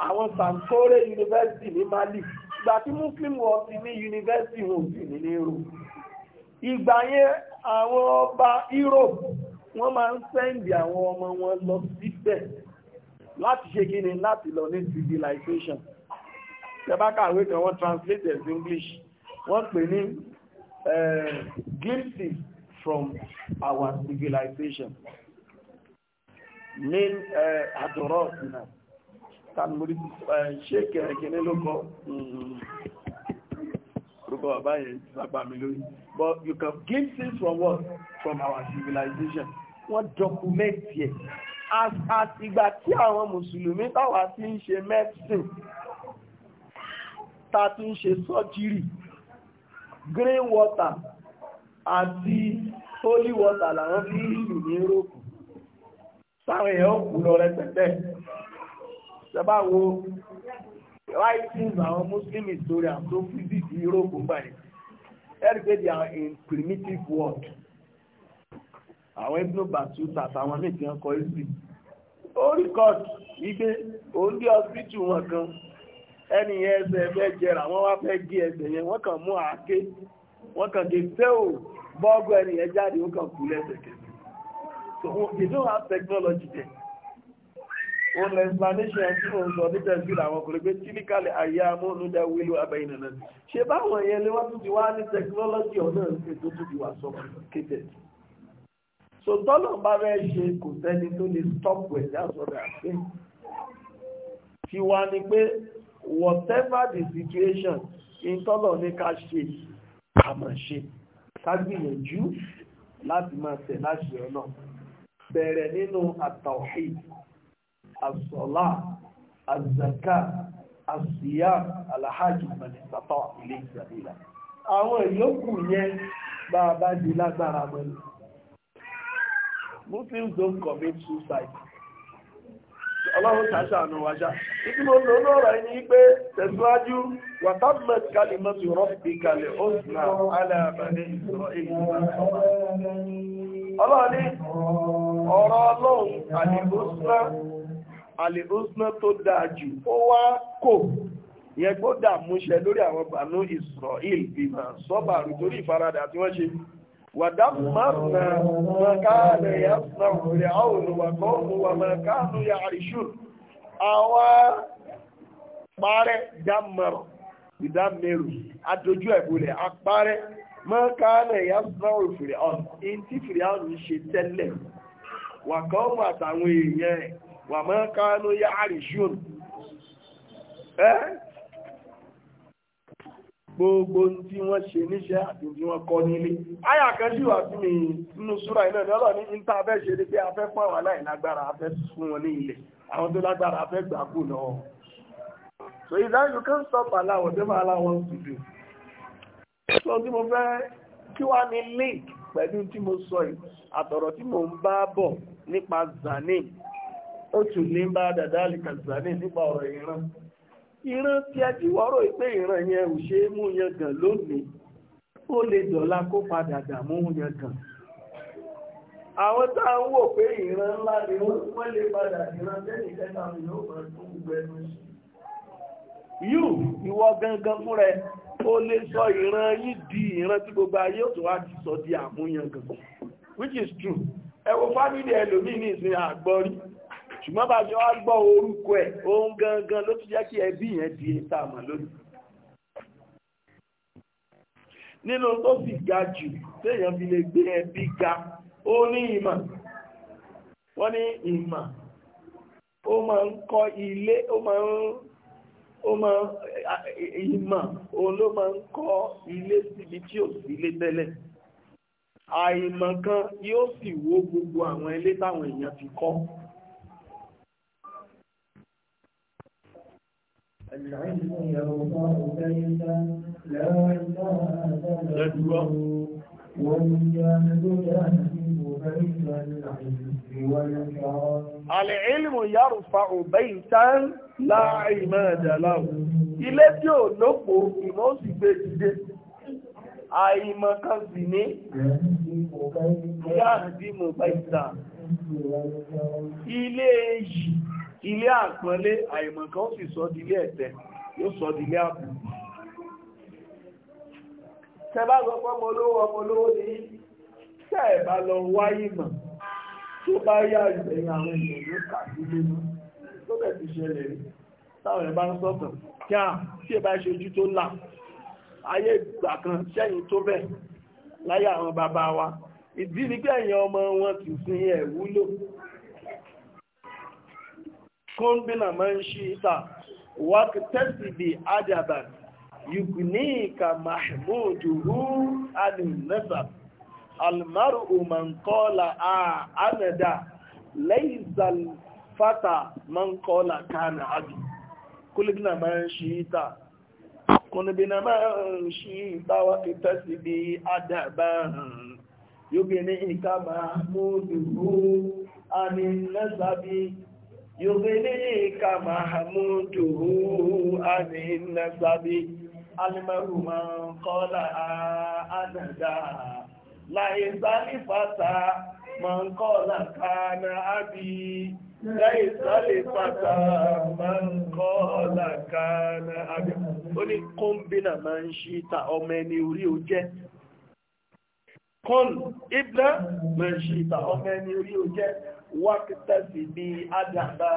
àwọn Sankore University ní Mali ìgbà tí muslim wọ́n ti ní university wọn sì ní lérò ìgbà yẹn àwọn ọba europe wọ́n máa ń sẹ́ndì àwọn ọmọ wọn lọ síbẹ̀ láti ṣe kí ni láti lọ ní civilization tẹ́bákà àwé wọ́n translate as english wọ́n pè ní glimpses from our civilization main àdọ̀rọ̀ ìnáwó tàbí ṣe kẹrẹkẹrẹ lókọ orúkọ bàbá mi lórí but you can gain things from what from our civilization wọ́n document yẹ as ìgbà tí àwọn mùsùlùmí táwa ti ń ṣe medicine ta ti ń ṣe surgery green water àti holy water làwọn fi ń lù ní Europe sáwọn èèyàn kù lọ rẹpẹtẹ sábà wo writings àwọn muslim historians so fi dìdí europe ń báyìí ẹ̀rí pé they are in primitive world àwọn ibnu batuta àtàwọn míì ti ń kọ israel ó rìkọ́d igbe òun dé hospital wọn kan ẹni yẹn ẹsẹ̀ fẹ́ jẹrà wọ́n wá fẹ́ gé ẹsẹ̀ yẹn wọ́n kàn mú àáké wọ́n kàn dé fẹ́ò bọ́ọ̀gù ẹni yẹn jáde ó kàn kú lẹ́sẹ̀kẹsẹ̀ so they don't have technology there ó lọ explanation tí ó ń sọ ní tẹ̀sí àwọn ọkùnrin pé tílíkàlẹ̀ àyà amóhùnúdá wílò abẹ́yìn náà ṣe báwọn yẹn lé wọ́n tún ti wá ní Technology, ọ̀nà ètò tún ti wà sọ́kùnkétẹ̀ so tọ́lọ̀ bá rẹ̀ ṣe kò sẹ́ni tó lè stop ẹ̀dá sọ́dọ̀ àti ti wá ni pé whatever the situation in tọ́lọ̀ ní ká ṣe àmọ̀ ṣe ká gbìyànjú láti máa tẹ̀ láṣẹ ọ̀nà bẹ̀rẹ̀ nínú àtàwọ̀ àṣọlá àzàká àṣìyá àlàhájì mẹ́lẹ̀sátọ́ ilé ìsàlélà àwọn ìyókù yẹn bá a bá di lágbára mẹ́lú Muslims don't commit suicide ọlọ́run ṣàṣà àánú wa ṣá títí mo lò lọ́rọ̀ ẹni pé tẹ̀síwájú wàtàmẹ́t kalimọ́ ti rọ́pì kalẹ̀ ó sì ìṣòro èyí ọlọ́run ọ̀rọ̀ ọlọ́run àdìgbò alẹ́ òsínà tó dáa jù ó wá kò yẹn gbọ́dà múṣẹ lórí àwọn bànú Israel bímọ sọ́bà nítorí ìfaradà tí wọ́n ṣe wàdámùmárùnà mọ̀káàlẹ̀ yà sàn òrè àwọn olùwàkọ́ òun wà mọ̀káàlù yà àríṣùn àwọn parẹ́ dámọ̀rọ̀ ìdámẹ́rù adójú ẹ̀bùlẹ̀ apárẹ́ mọ́kànlẹ̀ ya sọ́rọ̀ fìrìhàn in tí fìrìhàn ń ṣe tẹ́lẹ̀ wà kọ́ mọ̀ àtàwọn èèyàn wà mọ́ kánú yá àríṣùn ẹ́ gbogbo tí wọ́n ṣe níṣẹ́ àti tí wọ́n kọ́ nílé ayà kan sí wà fún mi nínú súra iná ìdọ́lọ̀ ní níta abẹ́ ṣe ni pé afẹ́ fún àwọn aláìlágbára afẹ́ fún wọn ní ilẹ̀ àwọn tó lágbára afẹ́ gbà kù lọ́wọ́ so is that you can stop allow whatever Allah wants to do so tí mo fẹ́ kí wá ní link pẹ̀lú tí mo sọ yìí àtọ̀rọ̀ tí mo ń bá bọ̀ nípa zanin ó tún ní bá dàdáàlì kàzání nípa ọ̀rọ̀ ìran ìran tí a ti wọ́rọ̀ pé ìran yẹn ò ṣe é mú yẹn gàn lónìí ó lè dọ̀la kó padà dàmú yẹn gàn àwọn tá ń wò pé ìran ńlá ni wọ́n lè padà ìran tẹ́lẹ̀ kẹta mi yóò bẹ̀rẹ̀ tó ń gbẹnu yóò ìwọ gangan fún rẹ ó lè sọ ìran yìí di ìran tí gbogbo ayé òtò wá ti sọ di àmúyangàn which is true ẹ wo fámílì ẹlòmíì ní ìsìn àgbọ́rí ṣùgbọ́n bá ṣe wá gbọ́ orúkọ ẹ̀ òun gangan ló ti jẹ́ kí ẹbí yẹn di ẹ̀ta àmọ́ lónìí. nínú tó sì ga jù téèyàn fi lè gbé ẹbí ga ó ní ìmọ̀ wọ́n ní ìmọ̀ ó máa ń kọ́ ilé ó máa ń ó máa ìmọ̀ òun ló máa ń kọ́ ilé síbi tí ò sí ilé tẹ́lẹ̀ àìmọ̀ kan yóò sì wó gbogbo àwọn ilé táwọn èèyàn ti kọ́. العلم يرفع كيفا لا تدعو والجهد يهدم بين العلم والكرم العلم يرفع بيتا لا عماد له ilé tí ò lópo ìmọ̀ ó sì gbé dìde àìmọ̀ kan sì ní yáàdì mọ̀ bá ìta ilé èyí ilé àpọ́nlé àìmọ̀kan ó sì sọ dílé ẹ̀tẹ́ yóò sọ dílé àpù tẹ́bá lọ pọ́mọ olówó ọmọ olówó ní tẹ́ẹ̀bá lọ wáyé mọ̀ tó bá yá ìgbẹ̀yìn àwọn èèyàn ló kàtí nínú tó bẹ̀ ti ṣẹlẹ̀ rí táwọn ẹ̀ bá ń sọ̀tàn kí à tí ẹ bá ṣe ojú tó là ayé ìgbà kan sẹ́yìn tó bẹ̀ láyé àwọn bàbá wa ìdí ni kúnbínà máa ń ṣí ìta wákìtẹ́sì bí adàbà yùkùníkà mahmuduhu alìnẹ́sà almaru mankola a anada laizal fata mankola kana abi kúnbínà máa ń ṣí ìta kúnbínà máa ń ṣí ìta wákìtẹ́sì bí adàbà yùkùníkà mahmuduhu alìnẹ́sà bí يغنيك محموده عن النسب المرء من قال أندى ليس لفتى من قال كان أبي ليس لفتى من قال كان أبي ó ní kọ́ńbínà máa ń ṣí ta ọmọ ẹni orí ó jẹ́ kọ́ńbínà máa ń ṣí ta ọmọ ẹni orí ó jẹ́ wákítẹ́sì bí ádàbà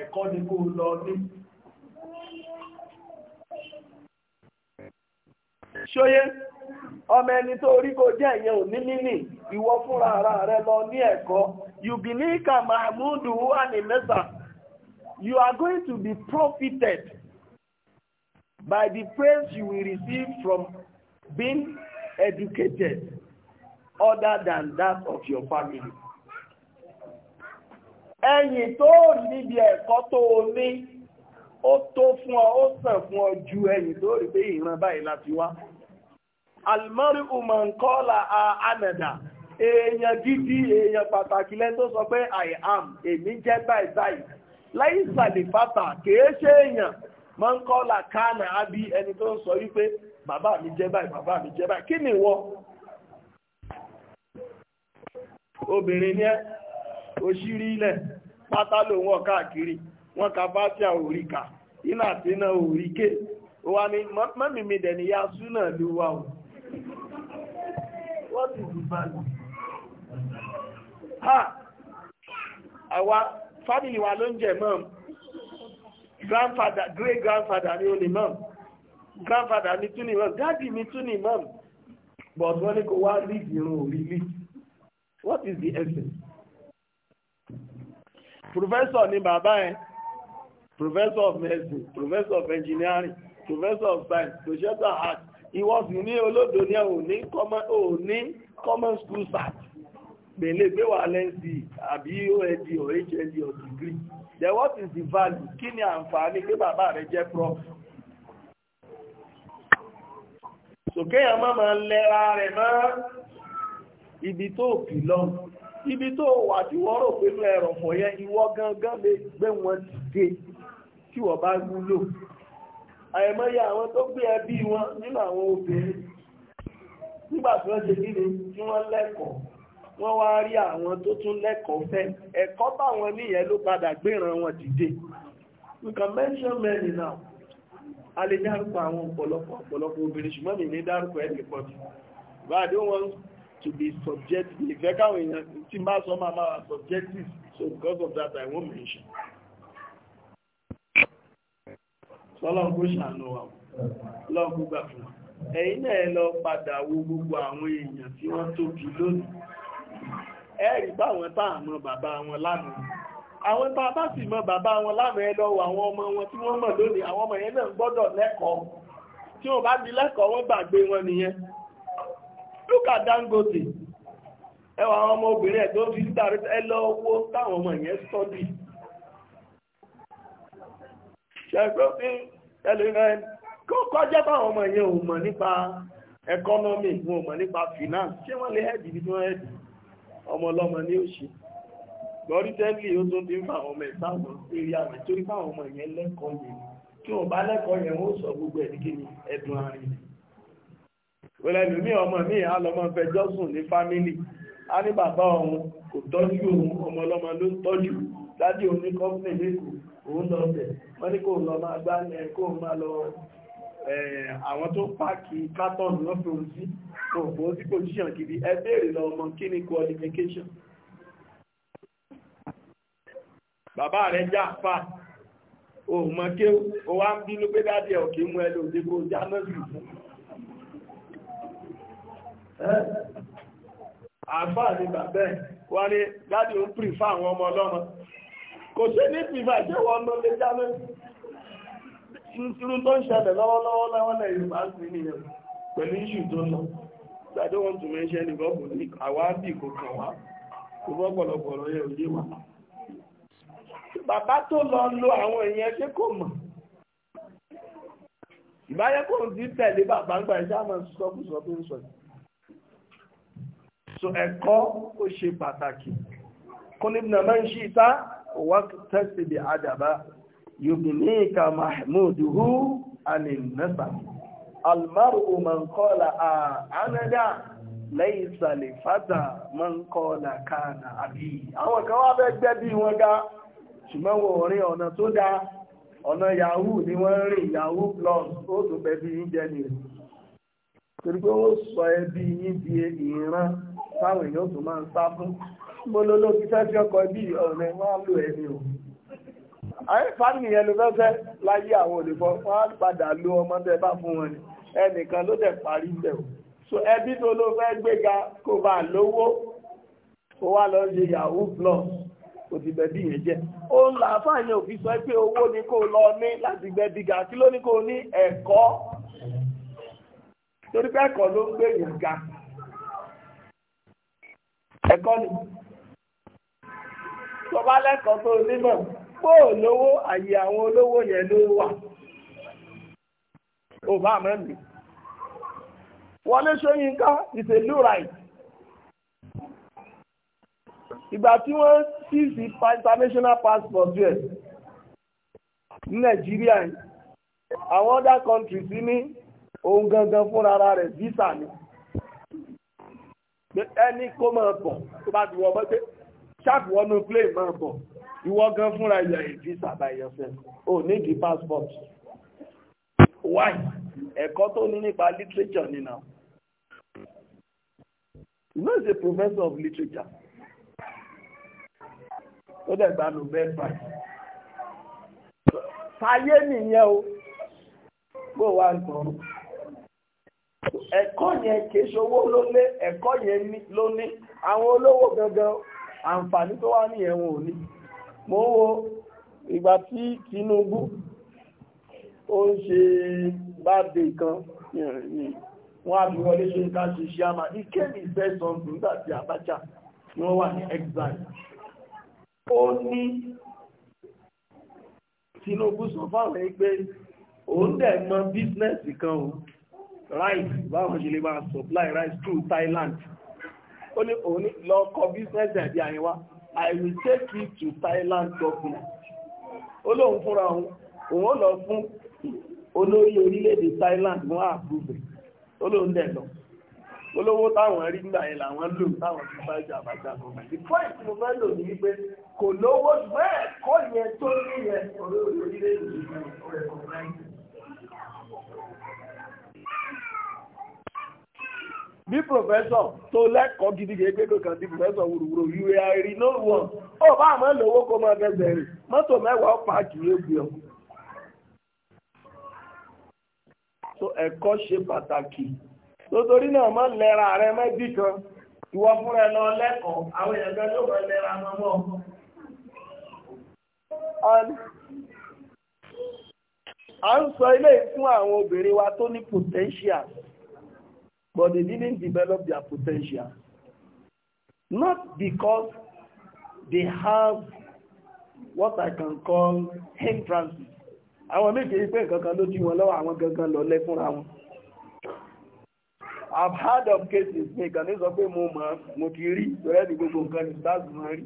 ẹ̀kọ́ ní kó lọ ní ṣóyé ọmọ ẹni tó orí kò jẹ́ ìyẹn ò ní nínì ìwọ fúnra ara rẹ lọ ní ẹ̀kọ́ yubinika mahmudu animesa you are going to be profited by the praise you will receive from being educated other than that of your family ẹ̀yìn tó níbi ẹ̀kọ́ tó o ní ó tó fún ọ ó sàn fún ọ ju ẹ̀yìn tó rí pé ìran báyìí láti wá alimọ́rí umar kọ́lá anada èèyàn gidi èèyàn pàtàkì lẹ́ni tó sọ pé i am èmi jẹ́ báyìí báyìí láì sàlẹ̀ fàtà kìí ṣe èèyàn máa ń kọ́lá kánà ábí ẹni tó ń sọ wípé bàbá mi jẹ́ báyìí bàbá mi jẹ́ báyìí kí ni ìwọ obìnrin ni ẹ́ òṣìrí ilẹ̀ pátá lòun ọ̀káàkiri wọ́n ka bá tí a orí kà iná àti iná orí ké wa ni mọ́mìmì dẹ̀ ni ya súnà ló wà o wọ́n ti dùn báyìí ha àwa fámìlì wa ló ń jẹ mọ́ grandfather great grandfather ni ó ní mọ́ grandfather mi tún ní mọ́ dádì mi tún ní mọ́ but wọ́n ní kò wá lead irun orí lead what is the essence professor ni bàbá ẹ̀ professor of medicine professor of engineering professor of science professor of art ìwọ sì ní olódo ní òní common òní common school start gbèlè gbé wà lẹ́ǹsì àbí OAD or HND or degree then what is the value kí ni àǹfààní pé bàbá rẹ jẹ́ prof sòkéyàn máa máa lẹ́ra rẹ̀ mọ́ ibi tó kì lọ́wọ́ ibi tó wà tí wọ́n rò pé ẹ̀rọ̀ fọ̀ yẹn ìwọ gangan lè gbé wọn dìde tí wọ́n bá wúlò àìmọye àwọn tó gbé ẹbí wọn nínú àwọn obìnrin nígbà tí wọ́n ṣe kíni tí wọ́n lẹ́kọ̀ọ́ wọ́n wá rí àwọn tó tún lẹ́kọ̀ọ́ fẹ́ ẹ̀kọ́ táwọn níyẹn ló padà gbéran wọn dìde we can mention many now a lè dárúkọ àwọn ọ̀pọ̀lọpọ̀ ọ̀pọ̀lọpọ̀ obìnrin ṣùgbọ́n mi ní dárúkọ ẹ̀kẹ́kọ̀ọ́ to be subjective ìfẹ́ káwọn èèyàn tí bá Some máa máa subjective so because of that I won't mention So long, ṣàánú wa lọ́n kó gbà fún wa ẹ̀yin náà lọ padà wo gbogbo àwọn èèyàn tí wọ́n tóbi lónìí ẹ̀rí bá àwọn táà mọ bàbá wọn lánàá àwọn tá a bá sì mọ bàbá wọn lánàá ẹ lọ wọ àwọn ọmọ wọn tí wọ́n mọ̀ lónìí àwọn ọmọ yẹn náà gbọ́dọ̀ lẹ́kọ̀ọ́ tí wọ́n bá di lẹ́kọ̀ọ́ wọ́n gbàgbé wọn nìyẹn Look at Dangote. Ẹwà àwọn ọmọ obìnrin ẹ̀ tó fi tàrí ẹlọ owó táwọn ọmọ ìyẹn sọ́dì. Ṣẹ̀gbọ́n ẹlẹ́rìn kọjẹ́ báwọn ọmọ ìyẹn ò mọ̀ nípa economy, wọn ò mọ̀ nípa finance. Ṣé wọ́n lè hẹ́ẹ̀dì bí wọ́n hẹ́ẹ̀dì? Ọmọ ọlọ́mọ ní òṣì. Gọ́rí tẹ́lì ó tó ti ń fa àwọn ọmọ ìsáwọn eré àmì torí fáwọn ọmọ ìyẹn lẹ́kọ̀ọ́ yẹn. Tí wọ́n bá lẹ́kọ̀ọ́ yẹn, wọ́n sọ gbogbo ẹ̀ ní kí ni ẹ̀dùn àárín wẹ́lẹ́lú mí ọmọ mí alọ́mọ fẹjọ́ sùn ní fámílì a ní bàbá òun kò tọ́jú òun ọmọ ọlọ́mọ ló tọ́jú dádì òun ní kọ́pínì lẹ́kọ̀ọ́ òun lọ bẹ̀ wọ́n ní kò lọ máa gbá ẹ̀kọ́ máa lọ àwọn tó páàkì kátọ́ọ̀nù wọ́n fi òun sí kò fò ó sí position gidi ẹ béèrè lọ ọmọ kí ni qualification bàbá rẹ̀ já fà òun mọ̀ kí ó wá ń bínú pé dádì ẹ̀ òkè mú ẹ lòdì kó já náà sì fún àfà ní bàbẹ́ wọ́n ní dáàdì ó pìrìfà àwọn ọmọ ọlọ́mọ kò sí ní pìrìfà jẹ́ wọ́n ló lé jáwé irú tó ń ṣẹlẹ̀ lọ́wọ́lọ́wọ́ lẹ́wọ́lẹ̀ yorùbá sí nìyẹn pẹ̀lú iṣu tó lọ gbàdé wọn tún mẹ́ṣẹ́ ní gọ́ọ̀bù ní àwábì kò kàn wá kò bọ́pọ̀lọpọ̀ ọ̀rọ̀ yẹ òye wa bàbá tó lọ lo àwọn èèyàn ṣé kò mọ̀ ìbáyẹ̀kùn ti tẹ̀lé bàbá ń gbà iṣẹ́ àmọ́ sọ́kùsọ́ tó ń sọ yìí so ẹ̀kọ́ ó ṣe pàtàkì kólébìnà máa ń ṣe ìta wà tẹ́sí bí àdàbà yubnika mahmuduhu anil almaru a anada laysa fata man kana àbí àwọn kan wá gbẹ́ bí wọn ga ṣùgbọ́n wọn rí ọ̀nà tó dáa ọ̀nà yahoo ni wọ́n rìn yahoo plus ó tún bí yín jẹ́ nìyẹn torí pé ó sọ ẹbí táwọn èèyàn tó máa ń sá fún gbóló ló fẹ́ fi ọkọ̀ bí ọ̀nà wọn á lò ẹni o fámìlì yẹn ló fẹ́fẹ́ láyé àwọn olùkọ́ wọn á padà lo ọmọ bá fún wọn ni ẹnìkan ló dẹ̀ parí bẹ̀ o so ẹbí tó ló fẹ́ gbéga kó bá lówó kó wá lọ ṣe yahoo plus kò ti bẹ̀bí yẹn jẹ́ ó ń là fáyẹn òfin sọ pé owó ni kó lọ ní láti gbẹ̀bí ga kí ló ní kó ní ẹ̀kọ́ torí pé ẹ̀kọ́ ló ń gbé yẹn ga ẹ̀kọ́ ni tó bá lẹ́kọ̀ọ́ tó nímọ̀ pò lówó àyè àwọn olówó yẹn ló wà ó bá mẹ́rin Wọlé Ṣóyínká is a new right ìgbà tí wọ́n sì sí international passport rẹ̀ ní Nàìjíríà àwọn other countries ní ohun gangan fúnra rẹ̀ visa ni pé ẹni kó máa bọ̀ tó bá ti wọ ọmọ pé ṣáàpù wọnú plane máa bọ̀ ìwọ gan fúnra ilẹ̀ ìdí sàbà ìyọ̀sẹ̀ ò ní di passport why ẹ̀kọ́ tó ní nípa literature nínà you know he's a professor of literature ó dẹ̀ gba Nobel prize táyé nìyẹn o gbọ́ wa ń tọrọ ẹ̀kọ́ yẹn kìí ṣowó ló lé ẹ̀kọ́ yẹn ló ní àwọn olówó gangan àǹfààní tó wá nìyẹn wọn ò ní mo ń wo ìgbà tí Tinubu ó ń ṣe báde kan wọ́n á fi wọlé ṣe ká ṣe ṣe àmà ìkéde ìfẹ́ sọ̀tún nígbà tí Abacha ni wọ́n wà ní exile ó ní Tinubu sọ fáwọn ẹgbẹ́ òun dẹ̀ mọ bísínẹ́sì kan o. rice báwọn ṣe lè máa supply rice through Thailand ó ní òun ní lọ kọ business I will take you to Thailand government ó lóun fúnra òun òun ó lọ fún olórí orílẹ̀-èdè Thailand wọ́n àbúrò ó lóun dẹ̀ lọ olówó táwọn rí nígbà yẹn làwọn lò táwọn ti bá jà bàjá the point mo fẹ́ lò ní kò lówó bẹ́ẹ̀ tó ní bí professor tó lẹ́kọ̀ọ́ gidi gbégbé di professor wùrùwùrù you are renowned one ó bá àmọ́ lówó kó máa fẹsẹ̀ rìn mọ́tò mẹ́wàá pààkì so ẹ̀kọ́ ṣe pàtàkì nítorí náà má lẹ́ra rẹ mẹ́bí kan ìwọ ẹ lọ lẹ́kọ̀ọ́ àwọn èèyàn lẹ́ra mọ́mọ́ à ń sọ ilé fún àwọn obìnrin wa tó ní potential but they didn't develop their potential. Not because they have what I can call hindrances. Àwọn méjèèjì pé kankan ló jí wọn lọ́wọ́ àwọn gangan lọ lẹ́ fúnra wọn. I've heard of cases ní ìkànnì sọ pé mo mọ̀ mo ti rí ìrẹ́ ní gbogbo nǹkan ní stars mọ̀ rí.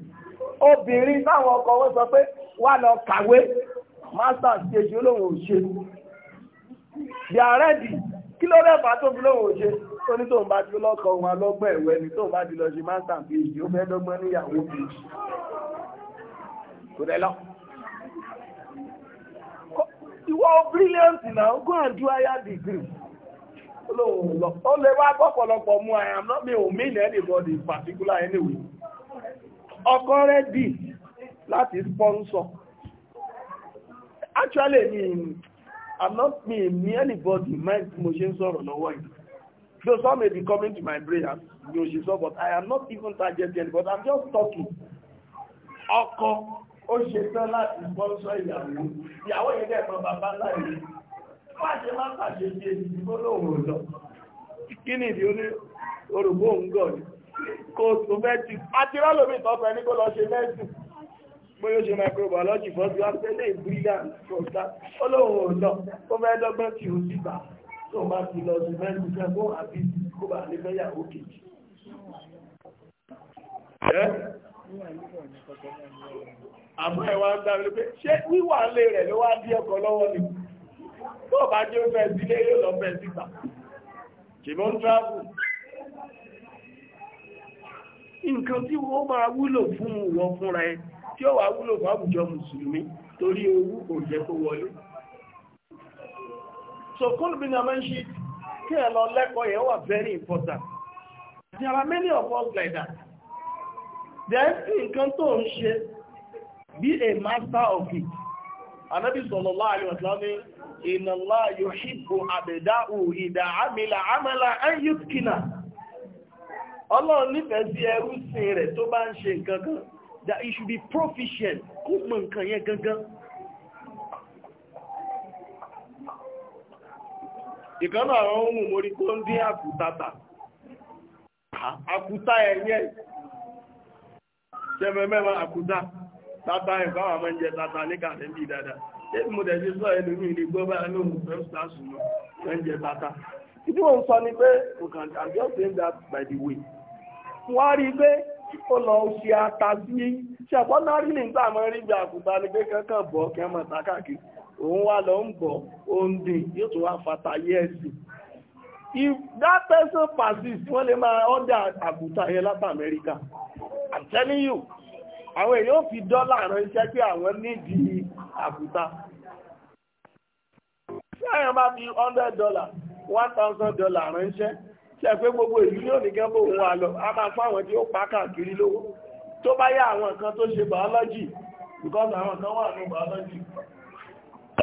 Obìnrin táwọn ọkọ wọn sọ pé wà lọ kàwé masters ṣe ṣe olóhùn òṣèlú. They are ready. Kí ló rẹ̀ bá tó fi lóhùn òṣèlú? tó ní bá ti lọ́kọ ohun alọ́gbọ́n ẹ̀wẹ́ ni tóun bá ti ṣe master phd ó fẹ́ dọ́gbọ́n níyàwó kò brilliant náà o particular anyway ọkọ dì láti sponsor actually i'm not me me anybody mind mo ṣe ń Though some may be coming to my prayers, you should know, but I am not even targeting, but I'm just talking. Ọkọ, ó ṣe tán ìyàwó. Ìyàwó yìí dẹ̀ mọ bàbá láìrí. Má ṣe má pàṣẹ sí èyí tí ó lóòrùn lọ. Kí ni ìdí orí orògbó òun gọ̀ ni? Kò tó fẹ́ ti, àti rọ́lòmí tọ́pẹ́ ní kó lọ ṣe mẹ́sìn bóyá ṣe microbiology fọ́sí wá pé lè brilliant fọ́sá olóhùn ọ̀lọ́ ó fẹ́ dọ́gbọ́n tí ó sì bá tó bá ti lọ sí mẹ́rin sẹ́gbọ́ àbí kó bá lè fẹ́yàwó kejì ẹ́ àmọ́ ẹ̀wà ń dárí pé ṣé wíwà lè rẹ̀ ló wá dí ọkọ̀ lọ́wọ́ ni tó bá jẹ́ ó fẹ́ sílé yóò lọ fẹ́ síta ṣìbọn travel nǹkan tí wọ́n máa wúlò fún wọn fúnra ẹ tí ó wà wúlò fún àwùjọ mùsùlùmí torí owó kò jẹ́ kó wọlé so kúlùbínà máa ń ṣe kí ẹ lọ lẹ́kọ̀ọ́ yẹn wà very important there are many of us like that then nǹkan tó ń ṣe be a master of it anabi sallallahu alaihi wasallam inna Allah yuhibbu abda'u idha amila amala an yutkina ọlọ́run nífẹ̀ẹ́ sí ẹrú sin rẹ̀ tó bá ń ṣe nǹkan kan that he should be proficient kó mọ̀ nǹkan yẹn gangan ìkan náà àwọn ohun mórí tó ń dín àkúta tà àkúta ẹ̀yẹ ṣẹmẹmẹ́wà àkúta tata ẹ̀kọ́ àwọn ọmọ ìjẹ tata ní kàrẹ́ bí dáadáa tẹ́bí mo dẹ̀ ṣe sọ ẹlòmí ní gbọ́bá lóhun ẹ̀jẹ̀ tata ìdí mo ń sọ ni pé by the way wọ́n rí pé ó òun wá lọ ń bọ̀ oúnjẹ yóò tún wá fata yẹ́ẹ̀sì if that person persists wọ́n lè máa ọ́dà àbúta yẹn láti Amẹ́ríkà I'm telling you àwọn èèyàn fi dọ́là ránṣẹ́ pé àwọn nídìí àbúta tí àyàn bá fi hundred dollar one thousand dollar ránṣẹ́ tí ẹ pé gbogbo ìlú yóò ní kẹ́ bóun wà lọ a máa fáwọn tí ó pa káàkiri lówó tó bá yá àwọn nǹkan tó ṣe biology because àwọn kan wà ní biology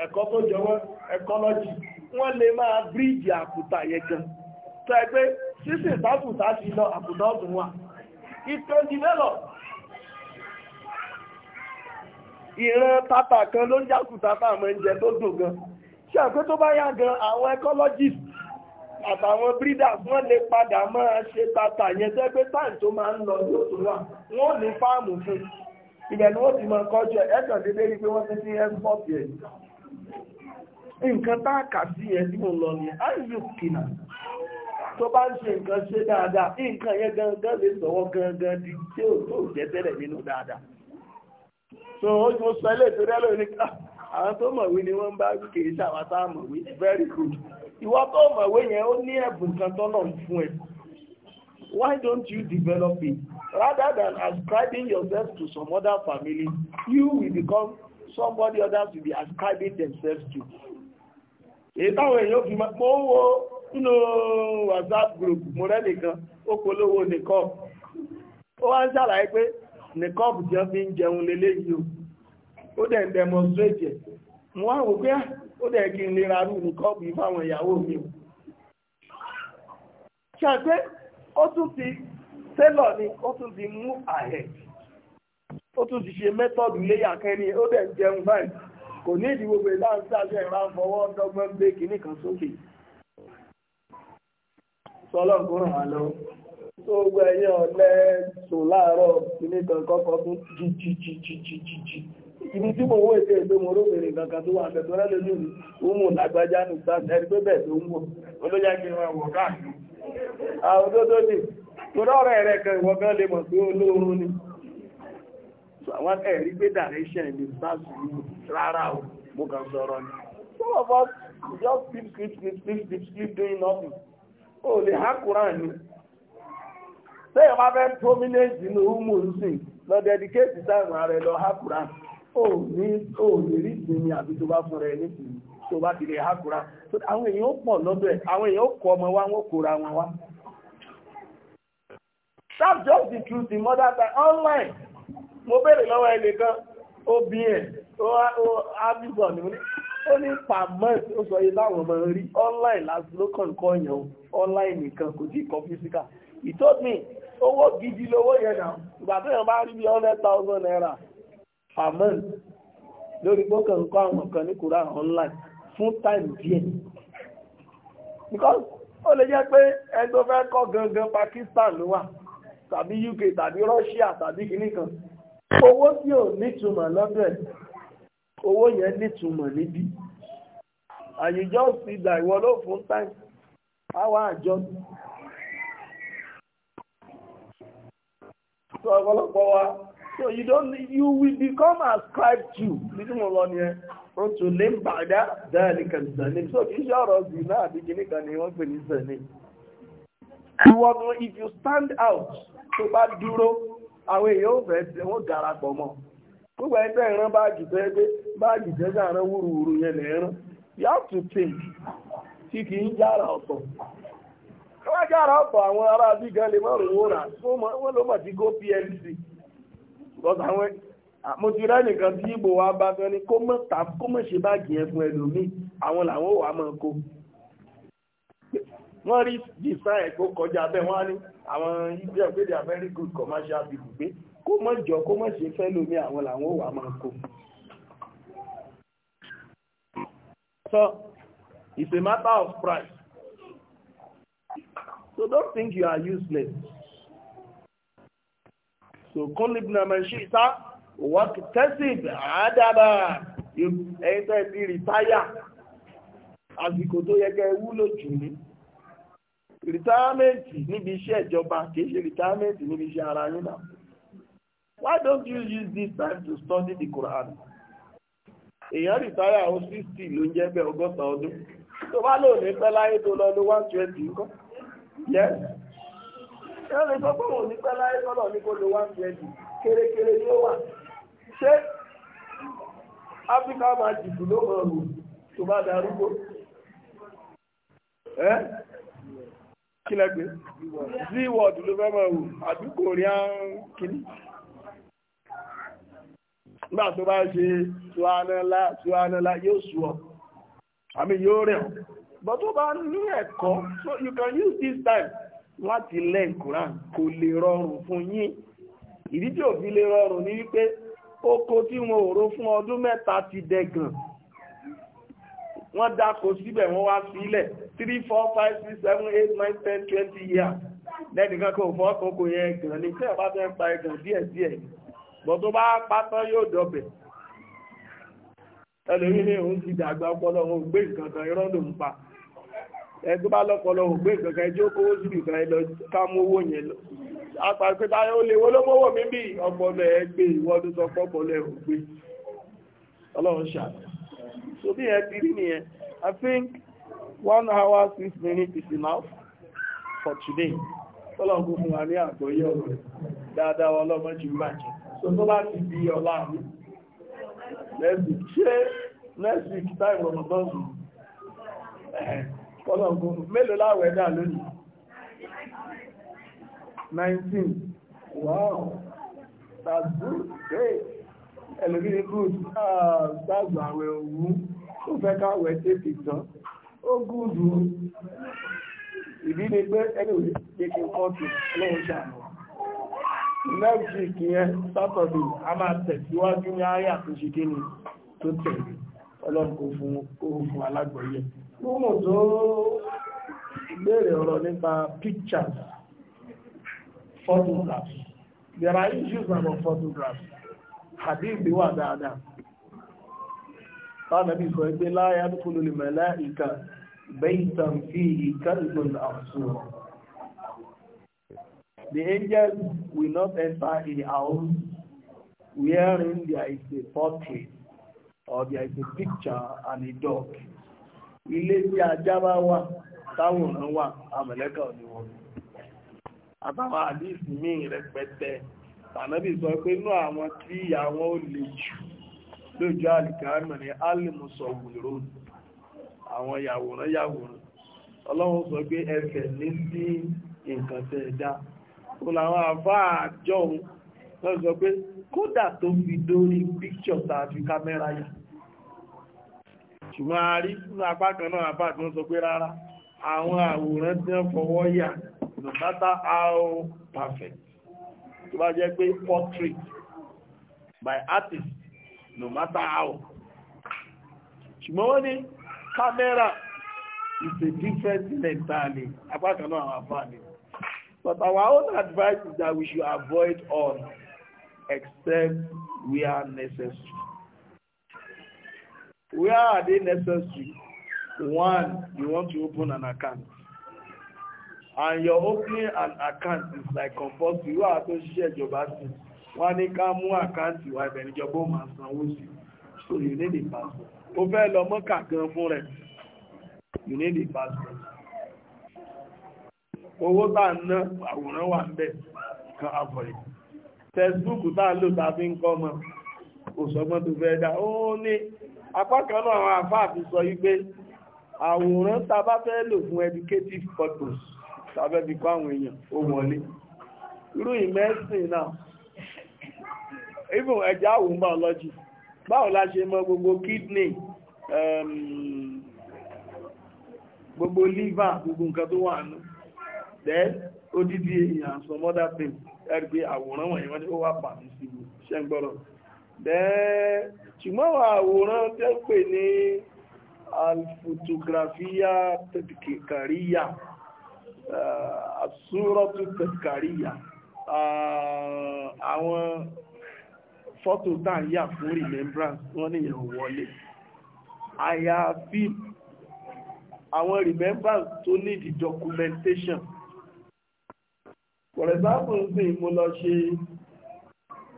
ẹ̀kọ́ tó jọwọ́ ẹkọ́lọ́jì wọ́n lè máa bíríjì àkùtà yẹn tó ẹ pé sísìn ti lọ àkùtà ọ̀tún wà ìran tata kan ló ń jákùtà táàmù ẹ̀jẹ̀ tó dùn gan ṣe àpé tó bá yá gan àwọn ecologist àtàwọn breeders wọ́n lè padà máa ṣe tata yẹn tó pé táì tó máa ń lọ ní wọ́n ní fáàmù fún wọ́n ti nǹkan tá a kà sí yẹn tí mo lọ ní aizukina tó bá ń ṣe nǹkan ṣe dáadáa nǹkan yẹn gangan lè sọ̀wọ́ gangan di tí ò tó jẹ́ tẹ́lẹ̀ nínú dáadáa so ó ti sọ ilé ìtura lórí ká àwọn tó mọ̀wé ni wọ́n bá kì í mọ̀wé very good ìwọ tó mọ̀wé yẹn ó ní ẹ̀bùn kan tọ́nà fún ẹ why don't you develop it rather than ascribing yourself to some other family you will become somebody others will be ascribing themselves to èyí táwọn èèyàn fi máa ń wo nínú whatsapp group mo rẹ́ nìkan ó polówó nìkan ó wá ń ṣàlàyé pé nìkan tí wọ́n fi ń jẹun lélẹ́yìí o ó dẹ̀ ń demonstrate ẹ̀ mo wá wò pé ah, ó dẹ̀ kí n lè rarú nìkan bí fáwọn ìyàwó mi o ṣàgbé ó tún ti tẹ́lọ̀ ni ó tún ti mú ahead ó tún ti ṣe mẹ́tọ́dù léyà kẹ́ni ó dẹ̀ ń jẹun báyìí kò ní ìdí gbogbo ìdáhùnsí àti ẹ̀rọ àfọwọ́ ọ̀dọ́gbọ́n gbé kìíní kan sókè sọlọ́gbọ́n wà lọ tó gbọ́ ọ̀lẹ́ sò láàárọ̀ kìíní kan kọ́kọ́ fún jìjìjìjìjìjì ibi tí mo wó ètò ìgbé mo róbèrè kankan tó wà bẹ̀tọ́ rẹ́ lójú mi ó lágbájá nù sáà ẹni pé bẹ́ẹ̀ tó ń wọ̀ wọ̀ káàkiri àwọn tó tó ní torọ́rẹ̀ rẹ̀ kan ìwọ̀n kan lè mọ̀ pé olóorun ni àwọn ẹ̀rí gbé direction ní sars rárá o mo kàn sọ̀rọ̀ ni some of us just sleep sleep sleep sleep sleep sleep doing nothing o lè há Quran ni sẹ́yìn máa fẹ́ prominent nínú húmù nsìn lọ dedicate time ààrẹ lọ há Quran o ní o lè rí ìsinmi àbí tó bá fún rẹ nísìnyí tó bá ti lè há Quran àwọn èèyàn ó pọ̀ lọ́dọ̀ ẹ̀ àwọn èèyàn ó kọ ọmọ wa wọn wọn That's just the truth online mo béèrè lọ́wọ́ ẹnìkan obn abibọ̀ ni mo ní ó ní pàmọ́s ó sọ yìí láwọn ọmọ rí online láti ló kàn kọ́ yàn online nìkan kò tí kọ́ físíkà he told me owó gidi lówó yẹn náà ìgbà tó yàn bá rí bí hundred thousand naira pàmọ́s lórí gbọ́kàn kọ́ àwọn kan ní kura online fún time díẹ̀ because ó lè jẹ́ pé ẹgbẹ́ fẹ́ kọ́ gangan Pakistan ló wà tàbí UK tàbí Russia tàbí kìnnìkan owó tí ò nítumọ̀ lọ́dọ̀ owó yẹn nítumọ̀ níbí àyíjọ́ sí ìdá ìwọ ló fún táìmù àjọ tó ọ̀pọ̀lọpọ̀ wa so you don't you will become ascribed to nínú mo o tún lè ń so kì í ọ̀rọ̀ ọ̀sìn náà àbí kìíní kan if you stand out tó bá àwọn èèyàn ò fẹ́ wọ́n darapọ̀ mọ́ gbogbo ẹgbẹ́ ìran báàgì tó ẹgbẹ́ báàgì tó ẹgbẹ́ wúruwúru yẹn lè rán tí kì í jára ọ̀tọ̀ wọ́n jára ọ̀tọ̀ àwọn ará bí gan lè rà wọ́n ló mọ̀ sí go plc àwọn mo ti rẹ́ nìkan tí wa bá fẹ́ ni kó mọ̀ ta kó mọ̀ wọ́n rí design kó kọjá bẹ́ẹ̀ wọ́n ní àwọn ibi ọ̀gbẹ́dẹ̀ very good commercial people pé kó mọ̀ jọ kó mọ̀ ṣe fẹ́ lómi àwọn làwọn ò wà máa kó. So it's a matter of price. So don't think you are useless. So kúnlẹ̀ bí nàmẹ́ ṣe ìta wọ́n tẹ́sí àádába ẹ̀yìn tẹ́sí rìtáyà àsìkò tó yẹ kẹ́ wúlò jù ní. rìtáámẹ́ǹtì níbi iṣẹ́ ìjọba kìí ṣe rìtáámẹ́ǹtì níbi iṣẹ́ ara yín náà why don't you use this time to study the Quran èèyàn rìtáyà ó sixty ló ń jẹ́ bẹ́ẹ̀ ọgọ́ta ọdún tó bá lò ní pẹ́ láyé tó lọ ní one twenty ńkọ́ yes ṣé lè sọ pé òun ní pẹ́ láyé tọ́lọ̀ ní kó lo one twenty kérékéré yóò wà ṣé Áfíríkà máa jìbù ló tó bá darúgbó. kí lẹ́gbẹ́ sí wọ́ọ̀dù ló fẹ́mọ̀ wù àdúkò rí àrùn kìíní nígbà tó bá ṣe ṣúánálá ṣúánálá yóò sú ọ àmì yóò rẹ̀ ọ but tó bá ní ẹ̀kọ́ so you can use this time láti lẹ́ ìkùrán kò lè rọrùn fún yín ìdí tí ò fi lè rọrùn ní wípé oko tí wọn ò ró fún ọdún mẹ́ta ti dẹ̀gàn wọ́n dákò síbẹ̀ wọ́n wá sílẹ̀ 3 4 5 6 7 8 9 10 20 years lẹ́nìkan kò fọ́ kòkò yẹn ẹgbẹ̀rún ní tẹ́ ọba tẹ́ ń pa ẹgbẹ̀rún díẹ̀ díẹ̀ bọ̀ tó bá pátán yóò dọ̀bẹ̀ ẹlòmí ní òun ti dàgbà ọpọlọ òun gbé nǹkan kan irọ́ ló ń pa ẹ tó bá lọ́pọlọ òun gbé nǹkan kan ẹjọ́ kówó síbi kan ẹ lọ ká mú owó yẹn lọ apàpẹta ó lè wo ló mówó mi bí ọpọlọ ẹ gbé ìwọ́dún sọ pọ́pọlọ ẹ ò gbé ọlọ́run ṣàlàyé so bí ẹ ti rí nìyẹn I think one hour six minutes is enough for today ọlọ́gbọ́n fún wa ní àgbọ́yé ọ̀rọ̀ dáadáa ọlọ́gbọ́n jù bàjẹ́ so tó bá ti di ọlá mi next week ṣé next week time Ramadan ọlọ́gbọ́n mélòó láwẹ̀ dà lónìí 19 wow that's good great ẹlòmí ní good gbàgbà ah, àwẹ̀ òwú tó fẹ́ káwẹ̀ tètè tán ó gúdù ìdí ni pé ẹni òní kéèké kọ́ọ̀tù lóun ṣàánú mẹ́rìndínlẹ́kì yẹn sátọ̀dù a máa tẹ̀síwájú ní àyà tó ṣe kí ni tó tẹ̀lé ọlọ́run kò fún ohun fún alágbọ̀yẹ múmù tó ọ̀rọ̀ nípa pictures photographs there are issues about photographs hadith wà dáadáa tánàbí sọ ẹgbẹ́ láyá dúkùlù lè mẹ́lá ìka bẹ́ìtàn fi ìka ìgbòlù àṣùrọ̀ The angels will not enter the house wherein there is a portrait or there is a picture and a dog. Ilé tí ajá bá wà, táwòrán wà, àmọ̀lẹ́kà ò ní wọ́n. Àtàwọn àdìsí míì rẹpẹtẹ ànábì sọ pé inú àwọn tí ìyà wọn ó le jù lójú àlìkàmọ̀ ní alimusọ̀ wùrò àwọn yàwòrán yàwòrán ọlọ́run sọ pé ẹsẹ̀ ní sí nǹkan tẹ́ ẹ̀dá ó làwọn àfáà jọun lọ́n sọ pé kódà tó fi dórí píkṣọ̀ tàbí kámẹ́rà yà ṣùgbọ́n a rí nínú apá kan náà apá tó ń sọ pé rárá àwọn àwòrán tí wọ́n fọwọ́ yà lọ́pátá how perfect tó bá jẹ́ pé portrait by artist no matter how ṣùgbọ́n wọ́n ní camera is a different mentally apákan náà àwọn àfáàní but our own advice is that we should avoid all except where necessary where are they necessary one you want to open an account and your opening an account is like compulsory wà tó ṣiṣẹ́ ìjọba sí wọ́n ní ká mú àkáǹtì wa ibẹ̀ níjọba ó máa sanwó sí so you need a passport ó fẹ́ lọ mọ́kà gan fún rẹ̀ you need a passport owó tá ń ná àwòrán wà ń bẹ̀ kan àbọ̀rẹ̀ textbook tá ń lò tá fi ń kọ́ ọmọ kò sọgbọ́n tó fẹ́ dá ó ní apá kan náà àwọn àfáà fi sọ wípé àwòrán tá a bá fẹ́ lò fún educative purpose tàbẹ́ bí kọ́ àwọn èèyàn ó wọlé irú ìmẹ́sìn náà even ẹ̀já àwọn biology báwo la ṣe mọ gbogbo kidney ehm, gbogbo liver gbogbo nǹkan tó wà nù then odidi èèyàn some other things ẹ̀rí pé àwòrán wọ̀nyí wọ́n ní ó wà pàmì sí i ṣe ń gbọ́rọ̀ then ṣùgbọ́n àwòrán tẹ́ pè ní alfotographia kàríyà asúrọ́tù tẹ̀kàríyà àwọn fọ́tò tá ń yà fún remembrance wọ́n nìyẹn ò wọlé àyàfi àwọn remembrance tó need documentation for example sí mo lọ ṣe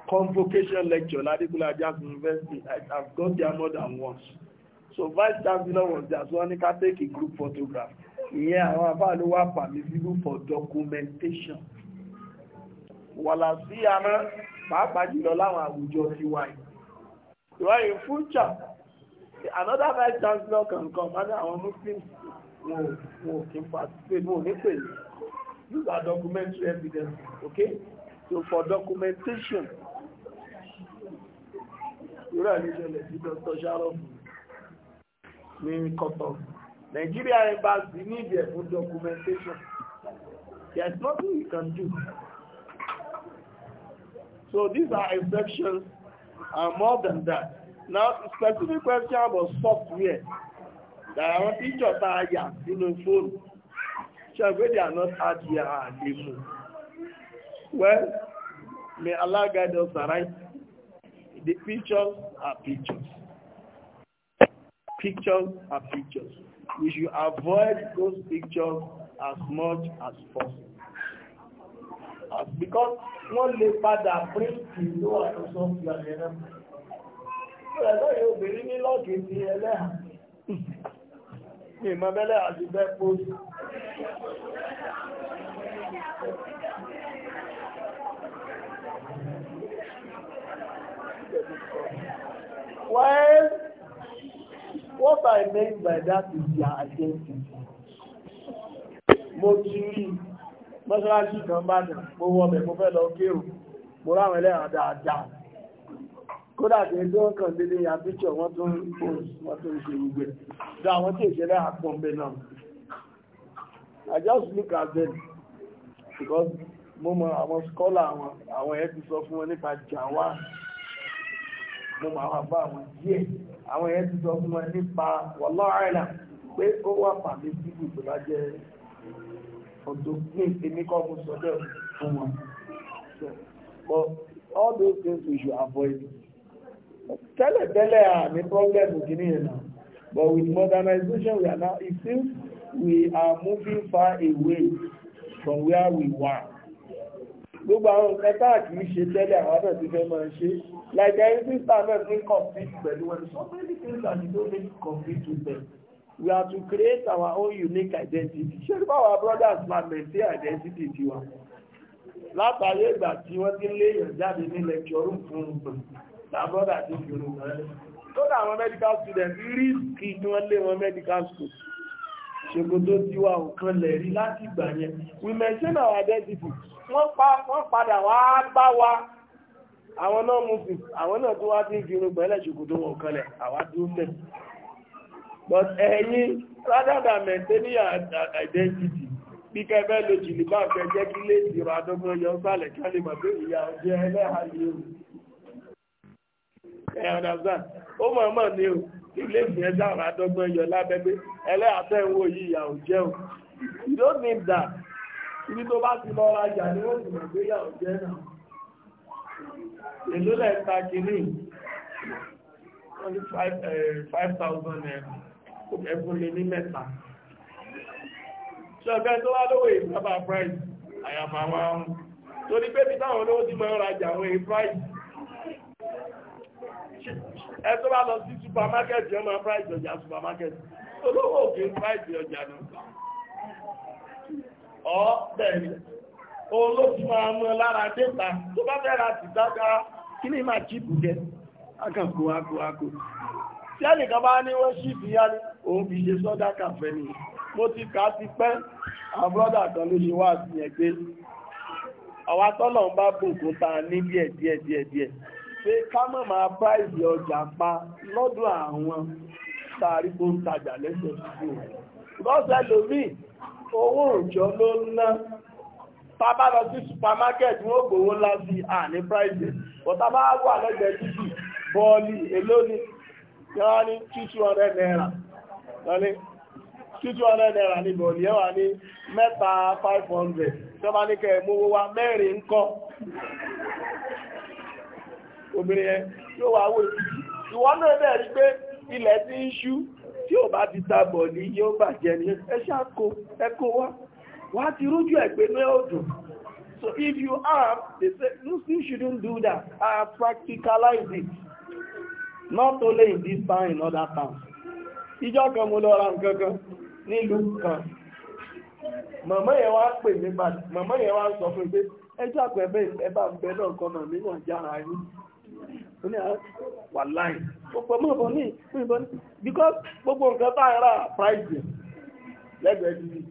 convocation lecture ládíkúlá jazz university i have got there more than once so vice chancellor was there so wọ́n ní ká take a group photograph ìyẹn àwọn àbá ló wà permissible for documentation wàlà sí àmọ́ pàápàá jùlọ láwọn àwùjọ ti wà yìí wọ́n in future another vice chancellor can come and àwọn muslims wọn ò kí n participate wọn ò ní pèlè these are documentary evidence okay so for documentation irú àlejò lè fi dr sharon ní cut off. Nigeria embassy need their own documentation. There's nothing you can do. So these are exceptions and more than that. Now, specific question about software that àwọn picture tá a yà nínú fóònù ṣe pé they are not hard here and they move. Well, may Allah guide us Right, The pictures are pictures. Pictures are pictures we should avoid those pictures as much as possible. As because wọ́n lè padà píríǹtì ló wà tó sọ fún ìyàrá náà. Bẹ́ẹ̀ lọ́yẹ̀ obìnrin ní lọ́ọ̀kì ti ẹlẹ́hà. Mi ìmọ̀ bẹ́lẹ̀ àti bẹ́ẹ̀ pósí. Wẹ́ẹ́ What I mean by that is their identity. Mo ti rí mọ́ṣáláṣí kan bá dà, mo wọ ọbẹ̀ mo fẹ́ lọ kéèrò, mo ráwọn ẹlẹ́ràn dáadáa. Kódà tí ẹgbẹ́ wọn kàn dédé ya píṣọ̀ wọ́n tó ń pòs, wọ́n tó ń ṣe gbogbo ẹ̀. Dá àwọn tí ìṣẹ̀lẹ̀ àpọ̀m̀bẹ̀ náà. I just look at them because mo mọ àwọn skọ́là àwọn àwọn ẹ̀ ti sọ fún wọn nípa jàwá. Mo mọ àwọn àbá àwọn díẹ̀ àwọn èèyàn ti sọ fún ẹ nípa wọlọ́ọ̀rẹ́là pé ó wà pàmí síbù tó bá jẹ́ ọ̀dọ́ ní èmi kọ́ mo sọ fún wọn. But all those things we should avoid. Tẹ́lẹ̀ tẹ́lẹ̀ àmì problem kìíní yẹn náà. But with modernization we are now it seems we are moving far away from where we were. Gbogbo àwọn nǹkan táà kìí ṣe tẹ́lẹ̀ àwọn àbẹ̀ tí fẹ́ máa ṣe é. Like there is every time every compete pẹ̀lú wọn, so many things that you don't need to compete with them. We are to create our own unique identity. Ṣé nípa our brothers máa maintain identity tiwa? Látàrí ìgbà tí wọ́n ti lé èèyàn jáde ní lecture room fún un, ta brother ti fi orun rẹ̀. Tó dà àwọn medical students risk ni wọ́n lé wọn medical school. Ṣòkòtò tiwa ò kan lẹ̀ rí láti ìgbà yẹn. We maintain our identity. Wọ́n padà wá bá wa àwọn náà mú fi àwọn náà tó wá tí ń fi irun gbẹ̀lẹ̀ ṣòkòtò wọn kanlẹ̀ àwa dúró tẹ̀ but ẹ̀yin rather than maintaining identity bí kẹfẹ́ lo jìlì bá fẹ́ jẹ́ kí lè dìrò àdọ́gbọ́n yọ sálẹ̀ kí a lè mọ̀ pé ìyá ọjọ́ ẹlẹ́hà ni o ẹ̀ ọ̀dàzán ó mọ̀ mọ̀ ni o ilé ìfẹ́ sáwọn àdọ́gbọ́n yọ lábẹ́ pé ẹlẹ́hà tẹ́ ń wò yìí ìyá ọjọ́ o you don't need that ibi tó bá ti lọ rajà ni wọ́n ti mọ̀ pé ìyá ọjọ́ náà èló lẹ́ta kìíní wọ́n ní five thousand naira ẹ̀fún lè ní mẹ́ta ṣọ́gbẹ́ tó wá lówó ìsábà price àyàfà wọn torí pé bí táwọn olówó ti mọ́ ọ̀rajà àwọn èyí price ẹ tó bá lọ sí supermarket yẹn máa price ọjà supermarket olówó òkè price ọjà náà ọ́ bẹ́ẹ̀ o máa mọ́ lára dẹ́ta tó bá fẹ́ra ti dága kí ní máa jíìpù jẹ́ akàkò akò akò tí ẹnìkan bá ní wọ́n yá ní òun ni mo ti kà á ti pẹ́ kan ló ṣe wá sí ẹ pé àwa ń bá bùkún ta ní díẹ̀ ká pa àwọn ń tajà sí lọ́sẹ̀ lómi owó tábà lọ sí supermarket wọn ò gbowó ńlá sí à ní price bọ̀tá bá wà lẹ́gbẹ̀ẹ́ títì bọ́ọ̀lì èló ni yọ́n ní two hundred naira lọ́ní two hundred naira ní bọ̀ọ̀lì ẹ̀ wà ní mẹ́ta five hundred tí wọ́n bá ní kẹ́ ẹ̀ mówó wá mẹ́rin obìnrin ẹ yóò wá wò ìwọ náà bẹ́ẹ̀ rí pé ilẹ̀ ti ń ṣú tí ò bá ti ta bọ̀ọ̀lì yóò bàjẹ́ ni ẹ ṣáà kó ẹ kó wá wọ́n á ti rújú ẹ̀gbẹ́ ní ọdún so if you have they say no you shouldn't do that I have practicalized it not only in this town in other towns ìjọ kan mo lọ ra nǹkan kan nílùú kan mọ̀mọ́ yẹn wá pè mí padà mọ̀mọ́ yẹn wá sọ fún mi pé ẹjọ́ àpẹẹbẹ́ ẹbá ń bẹ náà kọ́ mọ̀ mí náà jára yín ó ní ah, wà láì pọ̀pọ̀ mọ̀ bọ̀ ní ìbọn because gbogbo nǹkan tá a ra price lẹ́gbẹ̀ẹ́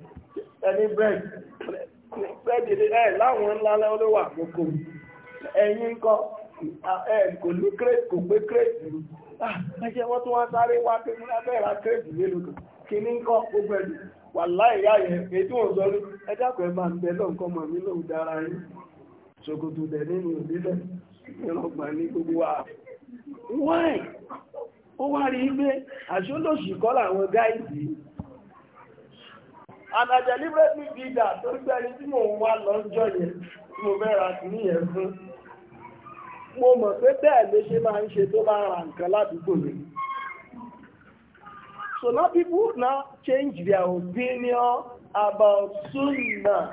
ẹni bírèdì bírèdì ẹ láwọn ńlá lọ́wọ́ wà kókó ẹ̀yin ẹ kò ní kírètì kò pé kírètì ni ẹjẹ́ wọ́n tó wá sáré wá pé mú lábẹ́ ra kan kí ní kọ́ gbogbo ẹ̀dùn wà láì yá yẹn ń bẹ mọ̀ mí dára yín ṣòkòtò dẹ̀ nínú ìrọ̀gbà ní gbogbo and I deliberately did that to pé ẹni tí mò ń wá lọ́jọ́ yẹn tí mo fẹ́ ra sí yẹn fún mo mọ̀ pé bẹ́ẹ̀ ló ṣe máa ń ṣe tó bá ra nǹkan ládùúgbò yẹn. So now people now change their opinion about sunnah.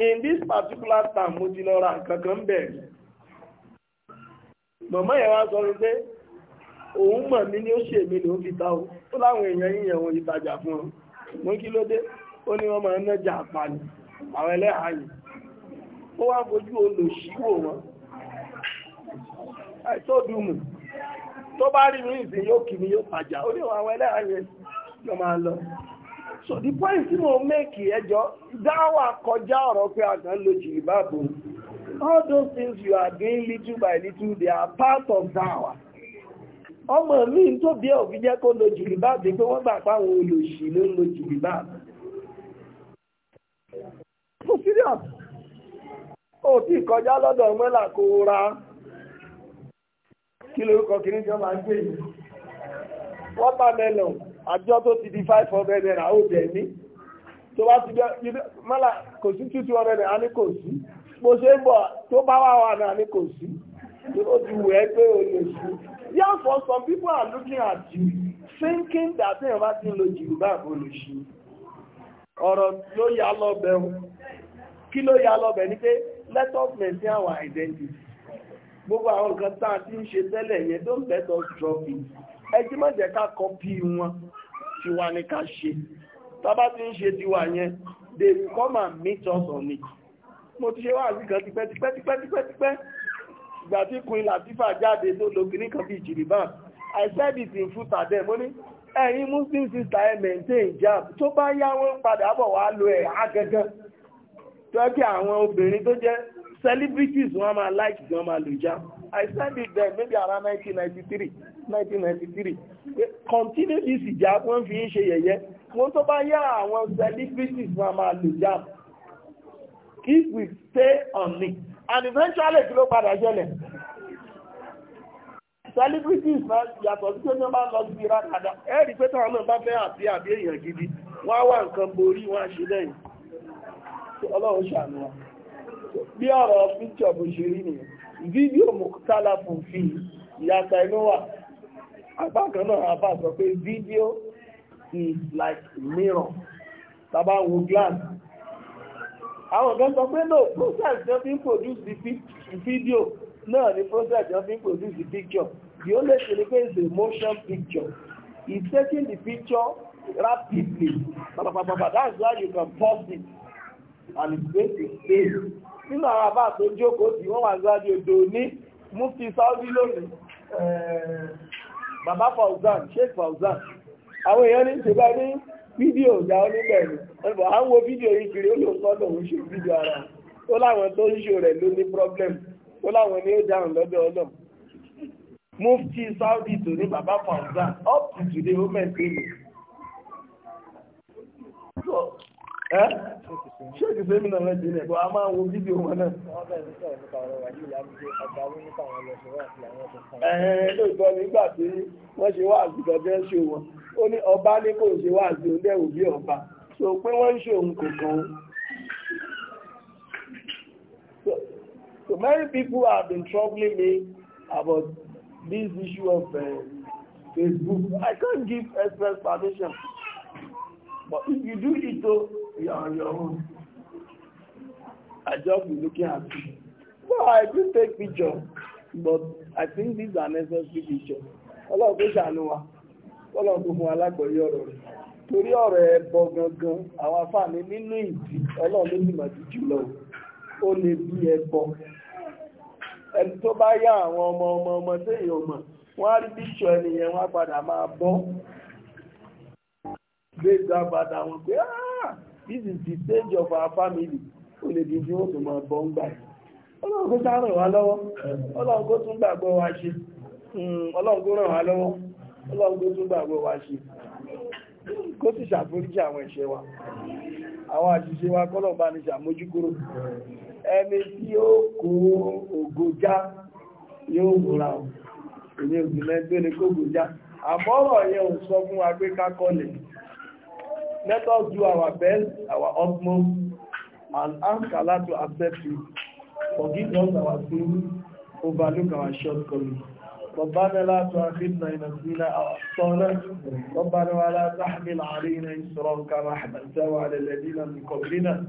In this particular time, mo ti lọ ra nǹkan kan bẹ̀rẹ̀. Màmá yẹn wá sọ pé òun mọ̀ mí ni ó ṣèmi ni ó fi ta o. Ó láwọn èèyàn yíyan òun ìtajà fún un. mú kí ló dé ó ní wọ́n máa nájà àpàlì àwọn ẹlẹ́hàáyì ó wá fojú olùṣíwò wọn àìsóòdùmù tó bá rí ní ìsìn yóò kì ní yóò pàjá ó ní àwọn ẹlẹ́hàáyì máa lọ so the point tí mo make ẹjọ́ dáwà kọjá ọ̀rọ̀ pé àgbà ń lo jìrìbáàbò all those things you are doing little by little they are part of dáwà. ọmọ mi tó bí ẹ̀ òbí jẹ́ kó lo jìlìbáàbù pé wọ́n gbà páwọn olòṣì ló ń lo jìlìbáàbù kò serious ó ti kọjá lọ́dọ̀ mọ́là kó ra kí lórúkọ kìíní tí wọ́n máa gbé yìí watermelon àjọ tó ti di five hundred naira ó dẹ̀ ní tó bá ti jẹ́ mọ́là kò sí two hundred naira ní kò sí bó ṣe ń bọ̀ tó bá wà wà náà ní kò sí tó ti wù ẹ́ pé o lè Therefore, some people are looking at you thinking that they have ti ń lo Yorùbá olùṣí. Ọ̀rọ̀ ló yá lọ́bẹ̀ o. Kí ló yá lọ́bẹ̀ let us maintain our identity. Gbogbo àwọn nǹkan tá a ti ń ṣe tẹ́lẹ̀ yẹn don't let us drop in. Ẹ jí má jẹ́ ká kọ́pì wọn tiwa ni ká ṣe. Tábà ti ń ṣe tiwa yẹn, they will come and meet us on it. Mo ti ṣe wá àzìkan tipẹ́tipẹ́tipẹ́tipẹ́ ìgbà tí Queen Latifah jáde tó lo kìíní kan bí ìjìrìbá I said it in full tàdé mo ní ẹ̀yin Muslim sister ẹ̀ maintain jab tó bá yá wọn padà bọ̀ wá lo ẹ̀ á gangan tó kí àwọn obìnrin tó jẹ́ celebrities wọn máa like gan máa lò jab I said it then maybe around 1993 1993 continue this ìjà wọ́n fi ń ṣe yẹ̀yẹ́ wọ́n tó bá yá àwọn celebrities wọn máa lò jab if we stay on it and eventually kí ló padà ṣẹlẹ̀ celebrities máa yàtọ̀ sí pé wọ́n máa lọ sí ra padà ẹ̀rí pé táwọn náà bá fẹ́ àti àbí èèyàn gidi wọ́n á wà nǹkan borí wọ́n á ṣe lẹ́yìn ọlọ́run ṣàánú wa bí ọ̀rọ̀ picture bó ṣe rí nìyẹn fídíò mọ̀kútàlá fún fi ìyàtọ̀ inú wà apá kan náà apá sọ pé fídíò is like mirror tàbá wo glass àwọn ọ̀gá sọ pé no process tí wọ́n fi ń produce the video náà ni process tí wọ́n fi ń produce the picture the only thing is it's a motion picture it's taking the picture rapidly that's why you can pause it and it's going to stay nínú àwọn àbá tó jókòó tí wọ́n wà gbájú odò ní mufti saudi lónìí baba fauzan sheikh fauzan àwọn èèyàn ní ṣe bá ní fídíò ìjà oníbẹ̀rẹ̀ ẹ̀bọ̀ à ń wo fídíò yìí kiri ó lò ń kọ́dọ̀ ń ṣe fídíò ara ó láwọn tó ń ṣe rẹ̀ ló ní problem ó láwọn ní ó dáhùn lọ́dọ̀ ọlọ́m mufti saudi tó ní bàbá Fauzan up to today ó mẹ́sìn ṣéèkì sí mi nàlẹ́ jìnnà bọ́ a máa wo fídíò wọn náà. ẹ̀hẹ́n lóòótọ́ nígbà tí wọ́n ṣe wáàzì gọ́gẹ́ ṣe wọn ó ní ọba ní kò ṣe wáàzì ó dẹ̀ òbí ọba so pé wọ́n ń ṣe òun kò kàn So many people have been troubling me about this issue of uh, Facebook. I can't give express permission But if you do it though, you're on your own. I just be looking at you. No, I do take picture, but I think these are necessary picture. Ọlọ́run tó ṣàánú wa, ọlọ́run tó Torí ọ̀rọ̀ ẹ bọ gangan, àwọn afáàní nínú ìdí ọlọ́run ló nímọ̀ sí jùlọ. Ó lè bí ẹ bọ. Ẹni tó bá yá àwọn ọmọ ọmọ ọmọ wọ́n á rí wọ́n great grandfather wọn pé ah this is the stage of our family ó lè di tí wọ́n tó máa bọ́ ń gbà yìí ọlọ́run kó sáràn wá lọ́wọ́ ọlọ́run kó tún gbàgbọ́ wa ṣe hmm, ọlọ́run kó ràn wá lọ́wọ́ ọlọ́run kó tún gbàgbọ́ wa ṣe kó sì ṣàforíjì àwọn ẹ̀ṣẹ̀ wa àwọn àṣìṣe wa kọ́lọ̀ bá ní ṣàmójúkúrò ẹni tí ó kó ògójá yóò múra ò èmi ògùn mẹ́gbẹ́ ni kó ògójá àmọ́rọ̀ yẹn ò sọ fún wa pé kákọ́lẹ̀ Let us do our best, our utmost, and ask Allah to accept it. Forgive us our sins, overlook our shortcomings. ربنا لا تؤاخذنا إن نسينا أو أخطأنا ربنا ولا تحمل علينا إسرا كما حملته على الذين من قبلنا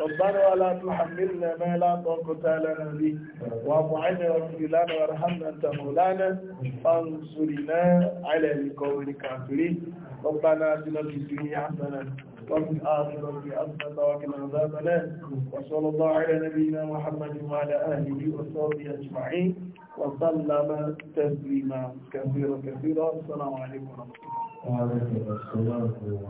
ربنا ولا تحملنا ما لا طاقة لنا به واعف عنا واغفر لنا وارحمنا أنت مولانا فانصرنا على القوم الكافرين ربنا آتنا في الدنيا حسنة وفي الآخرة حسنة وقنا عذاب وصلى الله على نبينا محمد وعلى آله وصحبه أجمعين وسلم تسليما كثيرا كثيرا السلام عليكم ورحمة الله